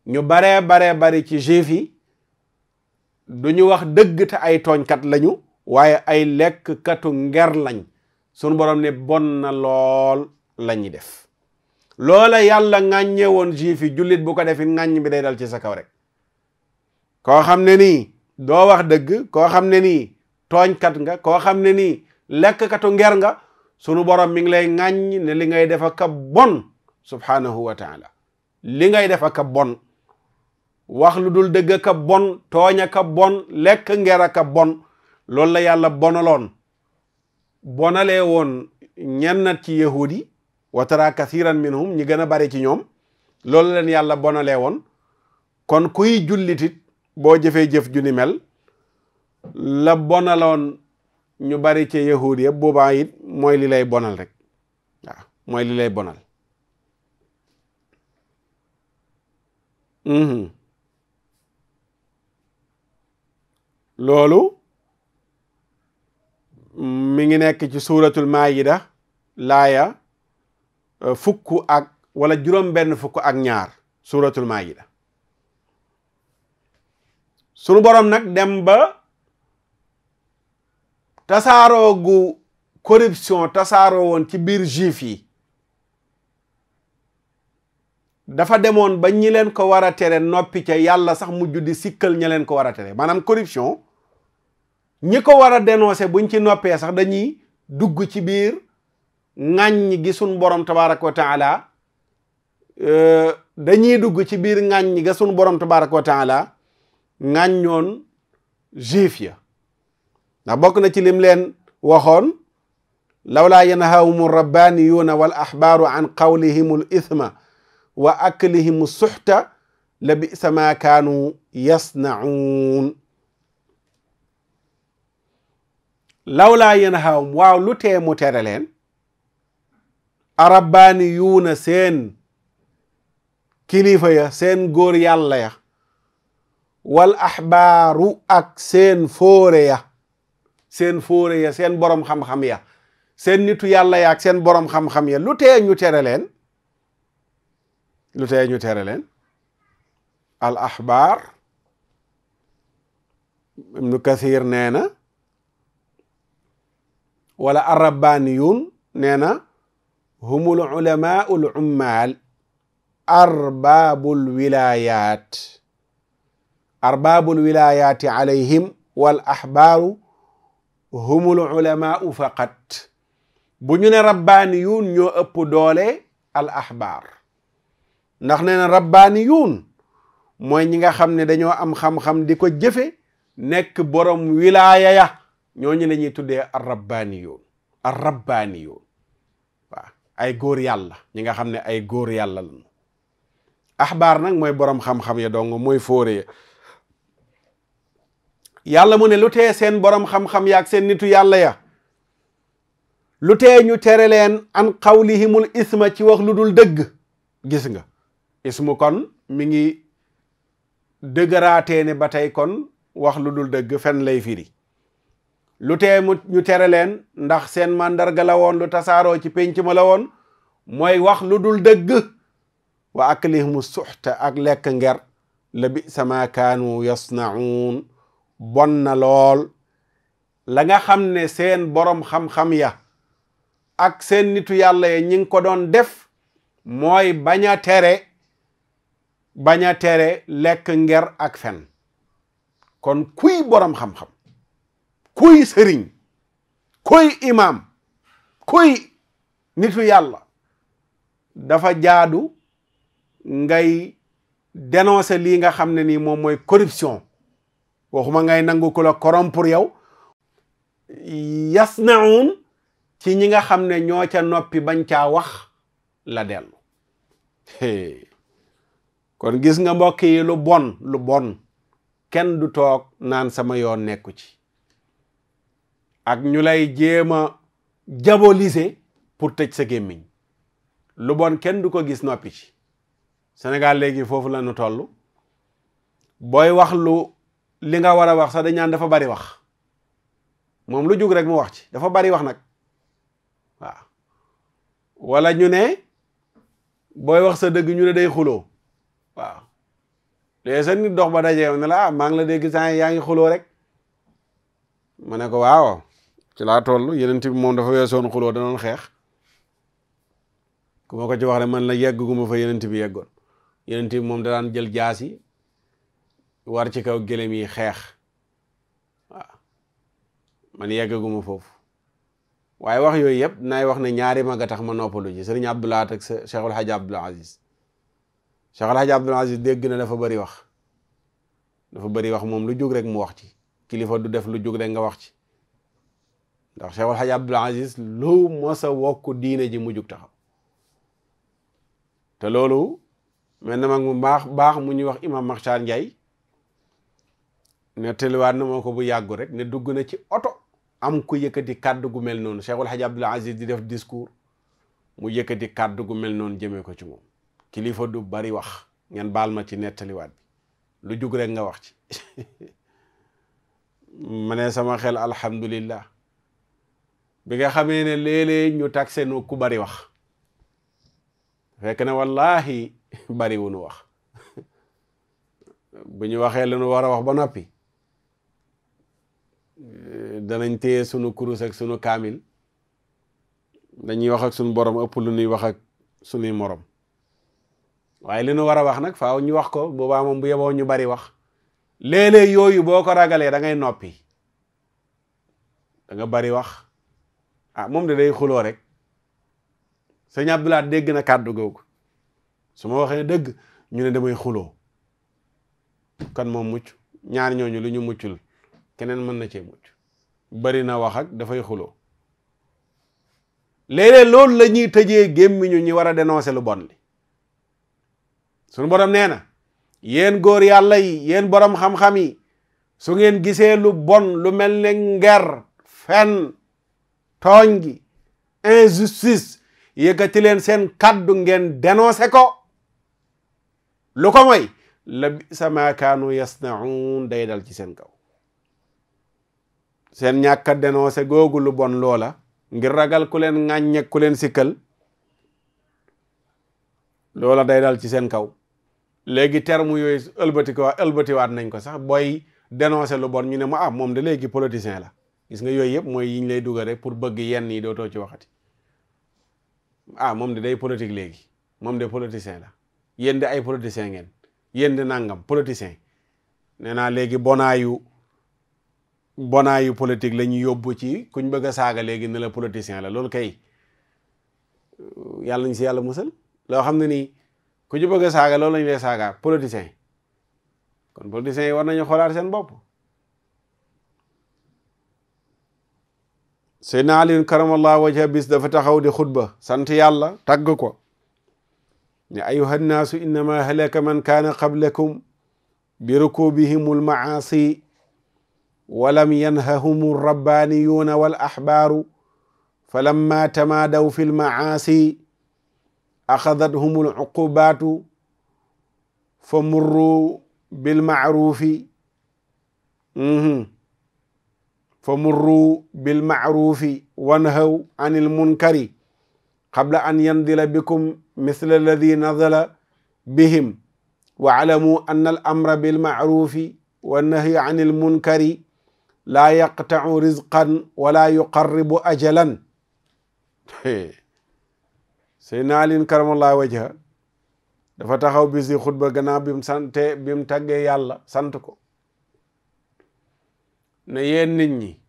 ñu baree baree bari ci juif du ñu wax dëgg te ay tooñkat lañu waaye ay lekkkatu nger lañ sunu borom ne bon na lool la def loola yàlla ŋàññe woon juif yi jullit bu ko defee ŋàññ bi day dal ci sa kaw rek koo xam ne nii doo wax dëgg koo xam ne nii tooñkat nga koo xam ne nii lekkkatu nger nga sunu borom mi ngi lay ŋàññ ne li ngay def ak bon subhanahu wa taala li ngay def ak bon wax lu dul dëgg ka bon tooñ ka bon lekk nger ka bon loolu la yàlla bonaloon bonalee woon ñenn ci yahud yi wa tara kathiran ñi gën a bari ci ñoom loolu leen yàlla bonalee woon kon kuy jullitit boo jëfee jëf ju mel la bonaloon ñu bari ci yahud yëpp boobaa mooy lilay lay bonal rek mooy lilay bonal mhm. loolu mi ngi nekk ci suuratul maayida laaya euh, fukk ak wala juróom benn fukk ak ñaar suuratul maayida sunu borom nag dem ba tasaaroo gu corruption tasaaroo woon ci biir juif yi dafa demoon ba ñi leen ko war a tere noppi ca yàlla sax mujj di sikkal ña leen ko war a tere maanaam corruption ñi ko war a dénoncer buñ ci noppee sax dañuy dugg ci biir ŋàññ gi sunu borom tabaaraka wa taala euh, dañuy dugg ci biir ŋàññ ga sunu borom tabaaraka wa taala ŋàññoon juif ya ndax bokk na ci lim leen waxoon lawlaa yanhaahum rabbaaniyuuna wal ahbaaru an qawlihim al wa aklihim suxta la bisa maa kaanu yasna'uun lawla yéen xawm waaw lu tee mu tere leen arabbaani yuuna seen kilifa ya seen góor yàlla ya wal axbaaru ak seen fóore ya seen fóore ya seen borom xam-xam ya seen nitu yàlla ya ak seen borom xam-xam ya lu tee ñu tere leen lu tee ñu tere leen al axbaar ibnu kathir nee na wala arabbaaniyuun nee na humul ulamaul ummaal arbaabul wilayaat arbaabul wilayaati alayhim wal ahbaaru humul ulamaau faqat bu ñu ne rabbaaniyuun ñoo ëpp doole al ahbaar ndax nee na rabbaaniyuun mooy ñi nga xam ne dañoo am xam-xam di ko jëfe nekk borom wilaaya ñooñu la ñuy tuddee arrabbaani yoon arrabbaani yoon waaw ay góor yàlla ñi nga xam ne ay góor yàlla lañu axbaar nag mooy boroom xam-xam ya dong mooy fóore yàlla mu ne lu tee seen boroom xam-xam ya seen nitu yàlla ya lu tee ñu tere leen am an qawlihimul isma ci wax lu dul dëgg gis nga ismu kon mi ngi dëgëraatee ne ba tey kon wax lu dul dëgg fen lay firi lu tee mu ñu tere leen ndax seen màndarga la woon lu tasaaroo ci penc ma la woon mooy wax lu dul dëgg wa aklihimu suxta ak lekk nger la bi sama kaanu yasnaun bon na lool la nga xam ne seen borom xam-xam ya ak seen nitu yàlla ya ñi ngi ko doon def mooy bañ a tere lekk nger ak fen kon kuy borom xam-xam kuy sëriñ kuy imaam kuy nitu yàlla dafa jaadu ngay dénoncer lii nga xam ne nii moom mooy corruption waxuma ngay nangu ku la corrompre yow yasnaun ci ñi nga xam ne ñoo ca noppi bañ caa wax la dellu kon gis nga mbokk yi lu bon lu bon kenn du toog naan sama yoon nekku ci ak ñu lay jéem a diaboliser pour tëj sa gémmiñ lu bon kenn du ko gis noppi ci Sénégal léegi foofu la ñu toll booy wax lu li nga war a wax sa dañ dafa bari wax moom lu jug rek mu wax ci dafa bari wax nag waaw wala ñu ne booy wax sa dëgg ñu ne day xuloo waaw léegi sa nit dox ba dajee ne la ah maa ngi la dégg yaa ngi xuloo rek mu ne ko waaw ci laa toll yenent bi moom dafa weesoon xuloo danoon xeex ku ko ci wax ne man la yeggaguma fa yenent bi yeggoon yenent bi moom danaan jël jaas yi war ci kaw gëléem yi xeex man yegg ma foofu waaye wax yooyu yëpp naay wax ne ñaari mag nga tax ma noppalu ji sëriñ Abdou Lahat ak Cheikh El Hadj Abdoul Aziz Cheikh El dégg na dafa bari wax dafa bari wax moom lu jóg rek mu wax ci kilifa du def lu jóg rek nga wax ci ndax Cheikh Alhaji Abdul Aziz lu mos a wokk diine ji mujjug taxaw te loolu mel na mag mu baax baax mu ñuy wax imam Makhtar Ndiaye ne na ma ko bu yàggu rek ne dugg na ci oto am ku yëkkati kàddu gu mel noonu Cheikh Alhaji Abdul Aziz di def discours mu yëkkati kàddu gu mel noonu jëmee ko ci moom kilifa du bari wax ngeen baal ma ci nettaliwaat bi lu jug rek nga wax ci *laughs* ma ne sama xel alhamdulillah bi nga xamee ne léeg ñu taxé nu ku bari wax fekk na wallahi *laughs* bari wu nu wax *laughs* bu ñu waxee la nu war a wax ba noppi eh, danañ téye sunu kurus ak sunu kaamil dañuy waxak ak sunu borom ëpp lu ñuy wax ak sunuy morom waaye li nu war a wax nag faaw ñu wax ko boobaa moom bu yeboo ñu bari wax léeg yooyu boo ko ragalee da ngay noppi danga bari wax ah moom de day xuloo rek sëñ Abdoulaye dégg na kàddu googu su ma waxee dëgg ñu ne damay xuloo kan moom mucc ñaar ñooñu lu ñu muccul keneen mën na cee mucc bari na waxak dafay xuloo léeg loolu la ñuy tëjee gémmiñu ñi war a dénoncer lu bon li suñu borom nee na yéen góor yàlla yi yéen borom xam-xam yi su ngeen gisee lu bon lu mel ni nger fen tooñ gi injustice yëkkati leen seen kàddu ngeen dénoncé ko lu ko mooy la bisa ma kaanu yasnaun day dal ci seen kaw seen ñàkk a googu lu bon loola ngir ragal ku leen ŋàññeg leen sikkal loola day dal ci seen kaw léegi terme yooyu ëlbati ko ëlbatiwaat nañ ko sax booy dénoncé lu bon ñu ne mu ah moom de léegi politicien la gis nga yooyu yëpp mooy yi ñu lay dugal rek pour bëgg yenn yi dootoo ci waxati ah moom di day politique léegi moom de politicien la yéen de ay politicien ngeen yéen de nangam politicien nee naa léegi bonaayu bonaayu politique la ñu yóbbu ci kuñ bëgg a saaga léegi ne la politicien la loolu kay yàlla ñu si yàlla musal loo xam ne nii ku ci bëgg saaga loolu la ñu lay saaga politicien kon politiciens yi war nañu xoolaat seen bopp Seydina Aliyun karamallahu wajha bis dafa taxaw di xutba sant yàlla tagg ko ne ayuha nnaasu innama halaka man kaana qablakum bi rukubihim almaasi walam yanhahum rabbaniyuuna wal axbaaru falamma tamaadaw fi lmaasi axadathum alcuqubaatu fa murru bilmacruufi mhm. fa murru bil maarufi wanhaw anil munkari qabla an yandila bikum misla alladi nazala bihim wa alamu anna al amra bil maarufi wannahyu anil munkari laa yaqtau rizqan wala yuqarribu ajalan *laughs* Seydina Alin karamallahu wajha dafa taxaw bis yi xutba gannaaw bi mu sante bi mu tàggee yàlla sant ko ne yéen nit ñi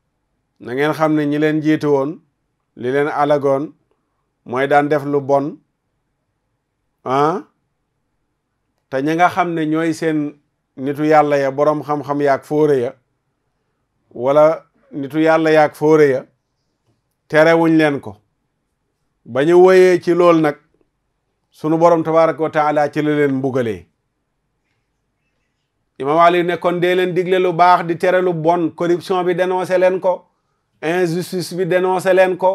na ngeen xam ne ñi leen jiitu woon li leen alagoon mooy daan def lu bon ah te ñi nga xam ne ñooy seen nitu yàlla ya boroom xam-xam yaag fóore ya wala nitu yàlla yaag fóore ya terewuñ leen ko ba ñu woyee ci lool nag sunu borom tabaraka wa taala ci la leen mbugalee imam ali ne kon dee leen digle lu baax di tere lu bon corruption bi dénoncé leen ko injustice bi dénoncé leen ko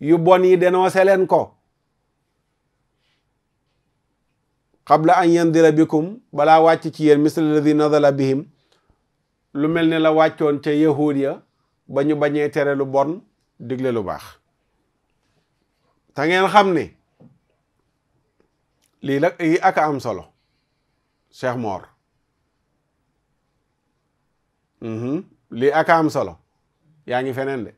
yu bon yi dénoncé leen ko qabla an yandira bikum balaa wàcc ci yéen misla alladi nazala bihim lu mel ni la wàccoon ca yahuud ya ba ñu bañee tere lu bon digle lu baax te xam ne lii la yi ak am solo Cheikh Mor Mm-hmm. li ak am solo yaa ngi feneen de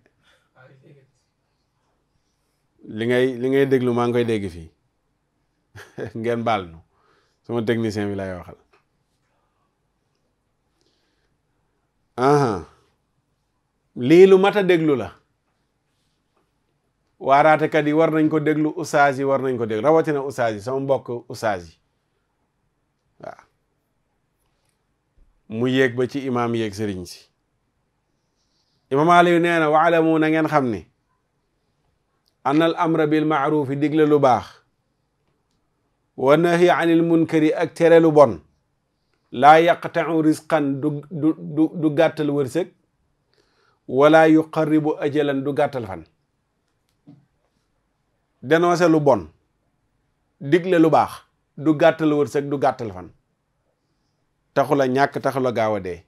li ngay li ngay déglu maa ngi koy dégg fii *laughs* ngeen baal nu sama technicien bi lay waxal lii lu mat a déglu la waaraatekat yi war nañ ko déglu ustaas yi war nañ ko déglu rawatina ustaas yi sama mbokk ustaas yi waaw mu yéeg ba ci imaam yéeg sëriñ si imaam Aliyu nee na waalamu na ngeen xam ni anna al amra bil maarufi digle lu baax wa nahi anil munkari ak tere lu bon laa yaqtau risqan du gàttal wërsëg wala yuqarribu ajalan du gàttal fan dénoncé lu bon digle lu baax du gàttal wërsëg du gàttal fan taxul a ñàkk taxul a gaaw a dee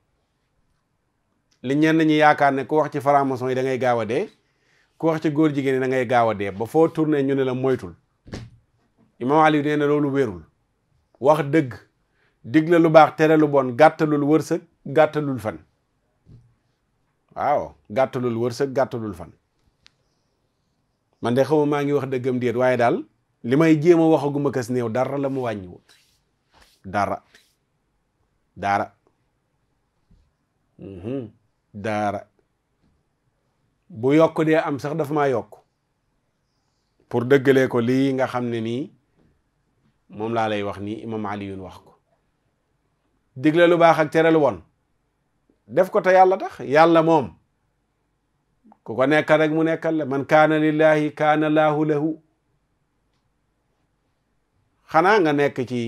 li ñenn ñi yaakaar ne ku wax ci franc yi dangay gaaw a dee ku wax ci góor jigéen yi da ngay gaaw a dee ba foo tourné ñu ne la moytul imam Ali nee na loolu wérul wax dëgg digle lu baax tere lu bon gàttalul wërsëg gàttalul fan waaw gàttalul wërsëg gàttalul fan man de xaw ma maa ngi wax dëggam déet waaye daal li may jéem a waxaguma kas néew dara la mu wàññiwut dara daara mhm. daara bu yokk dee am sax dafa ma yokk pour dëggalee ko lii nga xam ne nii moom laa lay wax nii imam Aliyun wax ko digla lu baax ak tere won def ko te yàlla tax yàlla moom ku ko nekkal rek mu nekkal la man kaana lillahi kaana laahu lahu xanaa nga nekk ci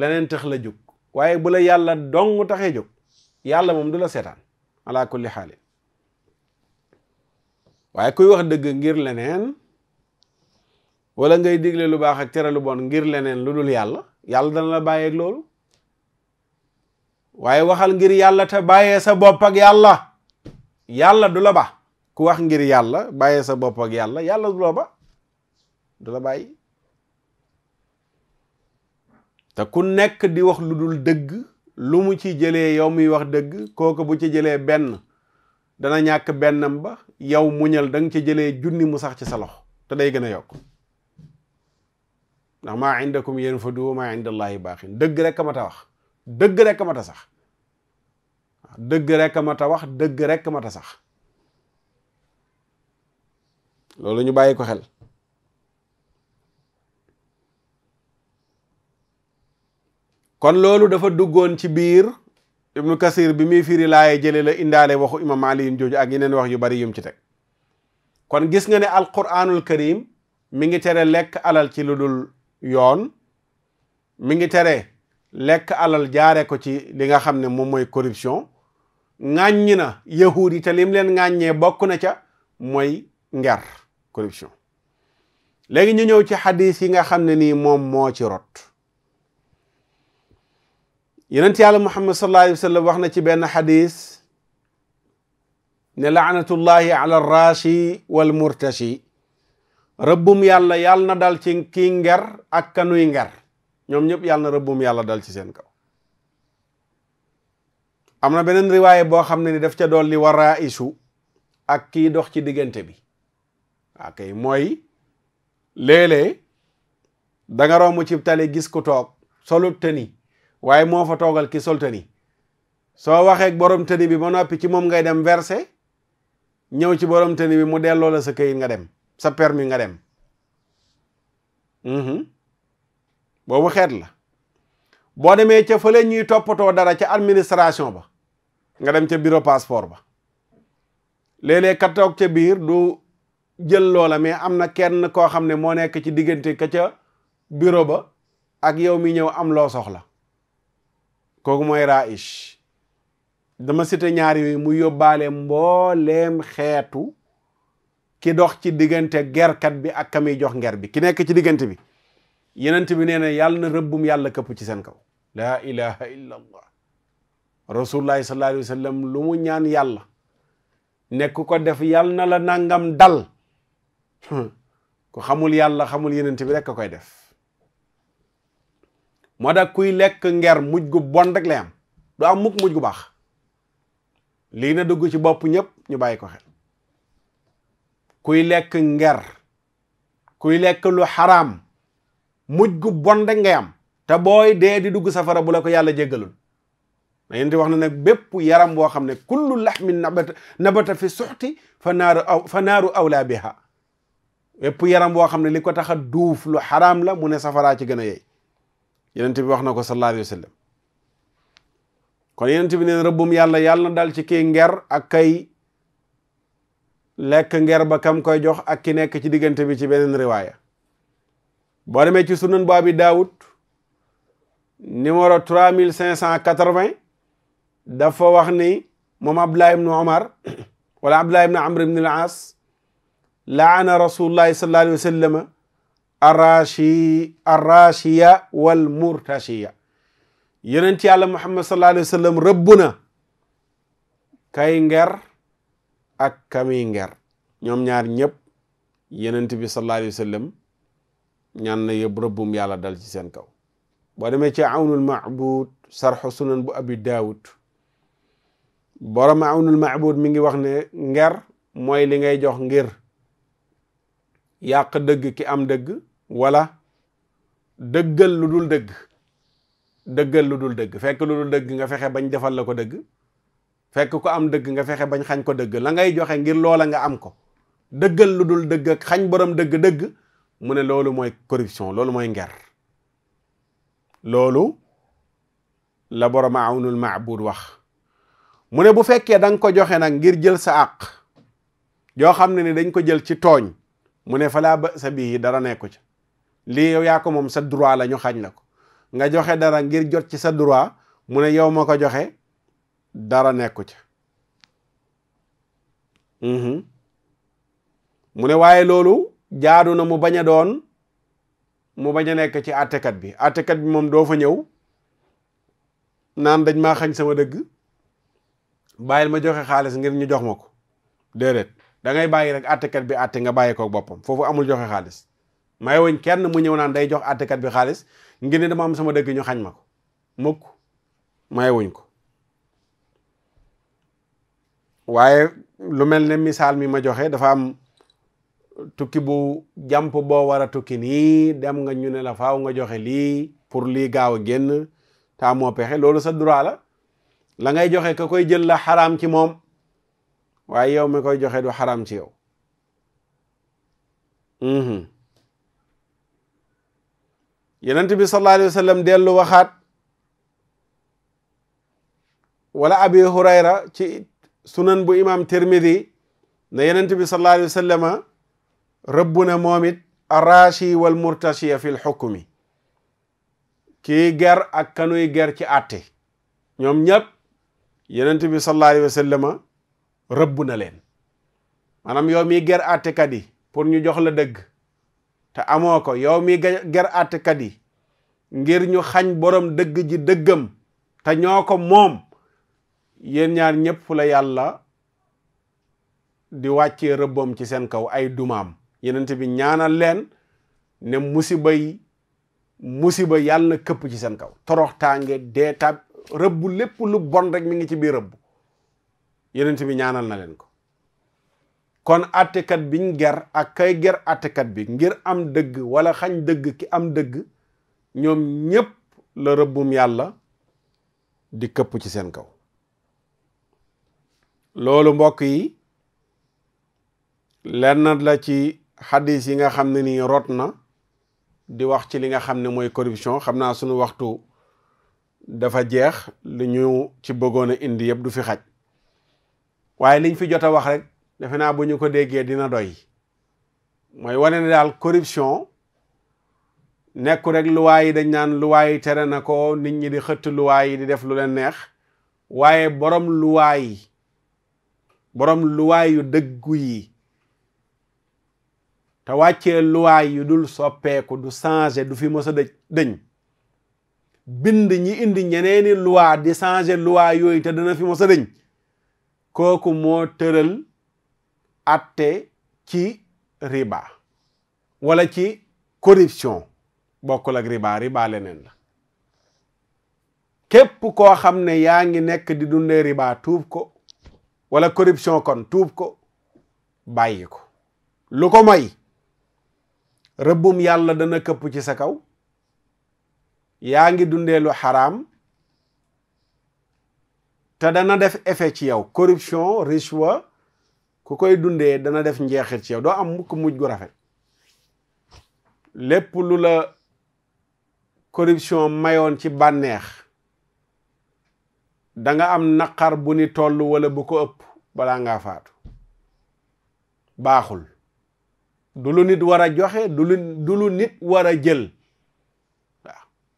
leneen tax la jóg waaye bula la yàlla dong taxee jóg yàlla moom du la seetaan ala kulli xaali waaye kuy wax dëgg ngir leneen wala ngay digle lu baax ak tere lu bon ngir leneen lu dul yàlla yàlla dana la bàyyeeg loolu waaye waxal ngir yàlla te bàyyee sa bopp ak yàlla yàlla du la ba ku wax ngir yàlla bàyyee sa bopp ak yàlla yàlla du la ba du la bàyyi te ku nekk di wax lu dul dëgg lu mu ci jëlee yow muy wax dëgg kooku bu ci jëlee benn dana ñàkk bennam ba yow mu da nga ci jëlee junni mu sax ci sa loxo te day gën a yokk ndax maa indakum yanfadu wa maa indallaahi baaqin dëgg rek ma ta wax dëgg rek ma ta sax dëgg rek ma ta wax dëgg rek ma ta sax loolu ñu bàyyi ko xel kon loolu dafa duggoon ci biir ibnu bi muy firi laaye jële la indaale waxu imam aliyin jooju ak yeneen wax yu bari yum ci teg kon gis nga ne alquranul karim mi ngi tere lekk alal ci lu dul yoon mi ngi tere lekk alal jaare ko ci li nga xam ne moom mooy corruption ŋàññi na yahuud yi te lim leen ŋàññee bokk na ca mooy nger corruption léegi ñu ñëw ci xadis yi nga xam ne nii moom moo ci rot yonent yàlla muhammad sallallahu alayhi wa sallam wax na ci benn xadis ne laanatullahi ala rashi wal murtashi rëbbum yàlla yàll na dal ci kii nger ak kanuy nger ñoom ñëpp yàll na rëbbum yàlla dal ci seen kaw am na beneen riwaaye boo xam ne ni daf ca dolli waraisu ak kii dox ci diggante bi waa kay mooy léeg-léeg da nga ci tali gis ku toog solut waaye moo fa toogal ki sol tëni soo waxee borom tëni bi ba noppi ci moom ngay dem verser ñëw ci borom tëni bi mu delloo la sa këyit nga dem sa permi nga dem mhm. boobu xeet la boo demee ca fële ñuy toppatoo dara ca administration ba nga dem ca bureau passeport ba léeg-léeg ka toog ca biir du jël loola mais am na kenn koo xam ne moo nekk ci diggante ka ca bureau ba ak yow mi ñëw am loo soxla kooku mooy Raish dama cité ñaar yooyu mu yóbbaale mbooleem xeetu ki dox ci diggante gerkat bi ak kamiy jox nger bi ki nekk ci diggante bi yenent bi nee na yàlla na rëbbum yàlla këpp ci seen kaw laa ilaha illa rasulullahi sallallahu lu mu ñaan yàlla nekk ko def yàlla na la nangam dal *laughs* ko xamul yàlla xamul yenent bi rek a koy def moo tax kuy lekk nger mujj gu bon rek lay am du am mukk mujj baax lii na dugg ci bopp ñëpp ñu bàyyi ko xel kuy lekk nger kuy lekk lu xaraam mujj gu bon rek ngay am te booy dee di dugg safara bu la ko yàlla jéggalul na yéen wax na nag bépp yaram boo xam ne kullu laxmin nabata nabata fi suxti fa naaru awlaa biha bépp yaram boo xam ne li ko tax a duuf lu xaraam la mu ne safaraa ci gën a yey yenent bi wax na ko sallallahu alayhi wa sallam kon yenent bi neen rëbbum yàlla yàlla na dal ci ki nger ak kay lekk nger ba kam koy jox ak ki nekk ci diggante bi ci beneen riwaaya boo demee ci sunan bu abi daawud numéro trois mille cinq cent quatre-vingt dafa wax ni moom abdullah ibnu omar *coughs* wala abdullah ibnu amr ibn al as laana rasulullahi sallallahu alayhi arashi arashiya wal murtashiya yonent yàlla muhammad sallallahu alayhi wa sallam rëbb na kay nger ak kami nger ñoom ñaar ñëpp yonent bi sallallahu alayhi wa sallam ñaan na yëpp rëbbum yàlla dal ci seen kaw boo demee ci awnul maabud sarxu sunan bu abi daawud borom awnul maabud mi ngi wax ne nger mooy li ngay jox ngir yàq dëgg ki am dëgg wala dëggal lu dul dëgg dëggal lu dul dëgg fekk lu dul dëgg nga fexe bañ defal la ko dëgg fekk ko am dëgg nga fexe bañ xañ ko dëgg la ngay joxe ngir loola nga am ko dëggal lu dul dëgg xañ borom dëgg-dëgg mu ne loolu mooy corruption loolu mooy nger loolu la borom awnul maabud wax mu ne bu fekkee da ko joxe nag ngir jël sa àq yoo xam ne ni dañ ko jël ci tooñ mu ne falaa ba sa bii dara nekku ca lii yow yaa ko moom sa droit la ñu xañ la ko nga joxe dara ngir jot ci sa droit mu ne yow ma ko joxe dara nekku ca mhm. mu ne waaye loolu jaadu na mu bañ a doon mu bañ a nekk ci àttekat bi àttekat bi moom doo fa ñëw naan dañ maa xañ sama dëgg bàyyil ma joxe xaalis ngir ñu jox ma ko déedéet da ngay bàyyi rek àttekat bi àtte nga bàyyi ko boppam foofu amul joxe xaalis may woñ kenn mu ñëw naan day jox àttekat bi xaalis ngir ne dama am sama dëgg ñu xañ ma ko mukk may wuñ ko waaye lu mel ne misaal mi ma joxe dafa am tukki bu jàmp boo war a tukki nii dem nga ñu ne la faw nga joxe lii pour lii gaaw a génn ta moo pexe loolu sa droit la la ngay joxe ka koy jël la xaraam ci moom waaye yow mi koy joxe du xaraam ci yow yonent bi sallallahu alayhi dellu waxaat wala abi hurayra ci sunan bu imam tirmidi ne yonent bi sallallahu alayhi wa sallama rëbb na moom it arashi wal murtashiya fi l xukmi kii ger ak kanuy ger ci àtte ñoom ñëpp yonent bi sallallahu alayhi wa leen maanaam yow miy ger àttekat yi pour ñu jox la dëgg te amoo ko yow mi ger àttekat yi ngir ñu xañ borom dëgg ji dëggam te ñoo ko moom yéen ñaar ñëpp la yàlla di wàccee rëbbam ci seen kaw ay dumaam yenent bi ñaanal leen ne musiba yi musiba yàlla na ci seen kaw toroxtaange dee tab rëbb lépp lu bon rek mi ngi ci biir rëbb yenent bi ñaanal na leen ko kon attekat biñ ger ak kay ger attekat bi ngir am dëgg wala xañ dëgg ki am dëgg ñoom ñépp la rëbbum yàlla di këpp ci seen kaw loolu mbokk yi lenn la ci xadis yi nga xam ne nii rot na di wax ci li nga xam ne mooy corruption xam naa sunu waxtu dafa jeex lu ñu ci bëggoon a indi yëpp du fi xaj waaye liñ fi jot a wax rek defe naa bu ñu ko déggee dina doy mooy wane ne daal corruption nekku rek luwaa yi dañ naan luwaa tere na ko nit ñi di xëtt luwaa di def lu leen neex waaye borom luwaa yi borom luwaa yu dëggu yi te wàccee luwaa yu dul soppeeku du changé du fi mës a dëj dëñ bind indi ñeneeni luwaa di changé luwaa yooyu te dana fi mës a dëñ kooku moo tëral atte ci riba wala ci corruption bokkul ak riba riba leneen la képp koo xam ne yaa ngi nekk di dundee riba tuub ko wala corruption kon tuub ko bàyyi ko lu ko may rëbbum yàlla dana këpp ci sa kaw yaa ngi dundee lu xaraam te dana def effet ci yow corruption rishwa ku koy dundee dana def njeexit ci yow doo am mukk mujj gu rafet lépp lu la corruption mayoon ci bànneex da nga am naqar bu ni toll wala bu ko ëpp balaa ngaa faatu baaxul du lu nit war a joxe du lu nit war a jël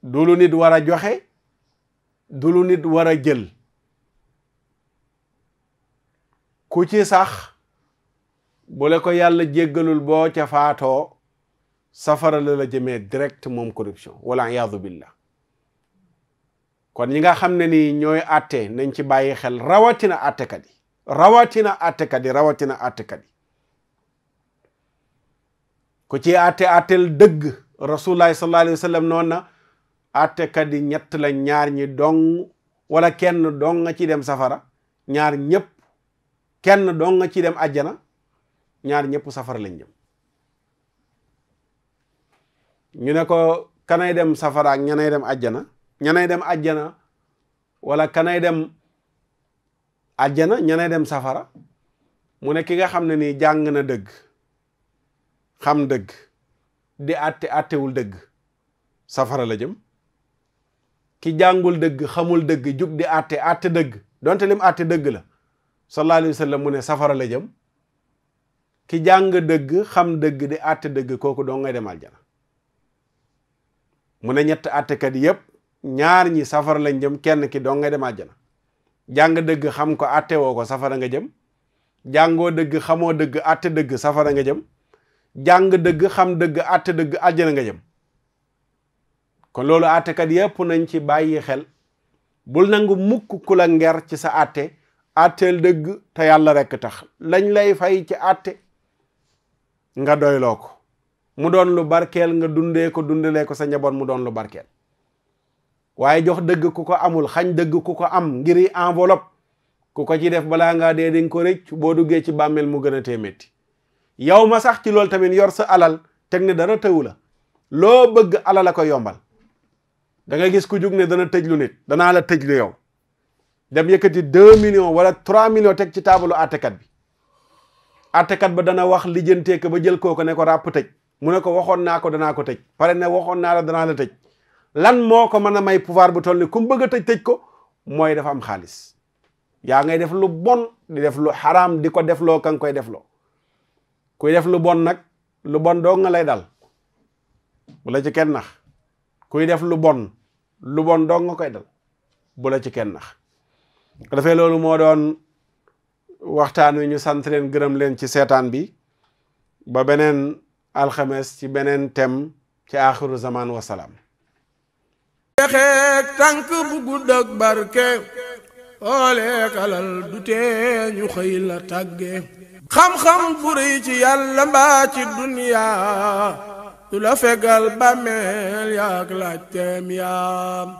waaw war a joxe du lu nit war a jël ku ci sax boole ko yàlla jéggalul boo ca faatoo safara la la jëmee direct moom corruption wala iyaadu billah kon ñi nga xam ne nii ñooy àtte nañ ci bàyyi xel rawatina àttekat yi rawatina àttekat yi rawatina àttekat yi ku ci àtte àttel dëgg rasulullahi sallallahu alayhi na àttekat yi ñett la ñaar ñi wala kenn dong nga ci dem safara ñaar ñëpp kenn dong nga ci dem ajjana ñaar ñëpp safara lañ jëm ñu ne ko kanay dem safara ak ñanay dem àjjana ñanay dem àjjana wala kanay dem àjjana ñanay dem safara mu ne ki nga xam ne nii jàng na dëgg xam dëgg di àtte àttewul dëgg safara la jëm ki jàngul dëgg xamul dëgg jub di àtte àtte dëgg donte lim àtte dëgg la sallallahu alayhi wa sallam mu ne safara la jëm ki jàng dëgg xam dëgg di àtte dëgg kooku doo ngay dem aljana mu ne ñett àttekat yépp ñaar ñi safara lañ jëm kenn ki doo ngay dem aljana jàng dëgg xam ko àtte woo ko safara nga jëm jàngoo dëgg xamoo dëgg àtte dëgg safara nga jëm jàng dëgg xam dëgg àtte dëgg aljana nga jëm kon loolu àttekat yépp nañ ci bàyyi xel bul nangu mukk ku la ci sa àtte àtteel dëgg te yàlla rekk tax lañ lay fay ci àtte nga doyloo ko mu doon lu barkeel nga dundee ko dundalee ko sa njaboot mu doon lu barkeel waaye jox dëgg ko ko amul xañ dëgg ku ko am ngir enveloppe ku ko ci def balaa ngaa dee dinga ko rëcc boo duggee ci bàmmeel mu gën a tee métti yow ma sax ci loolu tamit yor sa alal teg ne dara tëwu la loo bëgg alal ko yombal da gis ku jug ne dana tëj lu nit danaa la tëj lu yow dem yëkkati deux millions wala trois millions teg ci taabalu àttekat bi attekat ba dana wax lijjantee ko ba jël kooku ne ko ràpp tëj mu ne ko waxoon naa ko danaa ko tëj pare ne waxoon naa la danaa la tëj lan moo ko mën a may pouvoir bu toll ni ku mu bëgg a tëj tëj ko mooy dafa am xaalis yaa ngay def lu bon di def lu xaraam di ko def loo ka nga koy def loo def lu bon nag lu bon doo nga lay dal la ci kenn nax kuy def lu bon lu bon doo nga koy dal bu la ci kenn nax loolu moo doon waxtaan wi ñu sant leen gërëm leen ci seetaan bi ba beneen alxemes ci beneen thème ci aaxiru zaman wasalaam texeeg tànk bu gudd barke ooleek alal du tee ñu xëy la tàgge xam-xam bu rëy ci yàlla mbaa ci duniyaa du la fegal bàmmeel yaak laaj teem yaam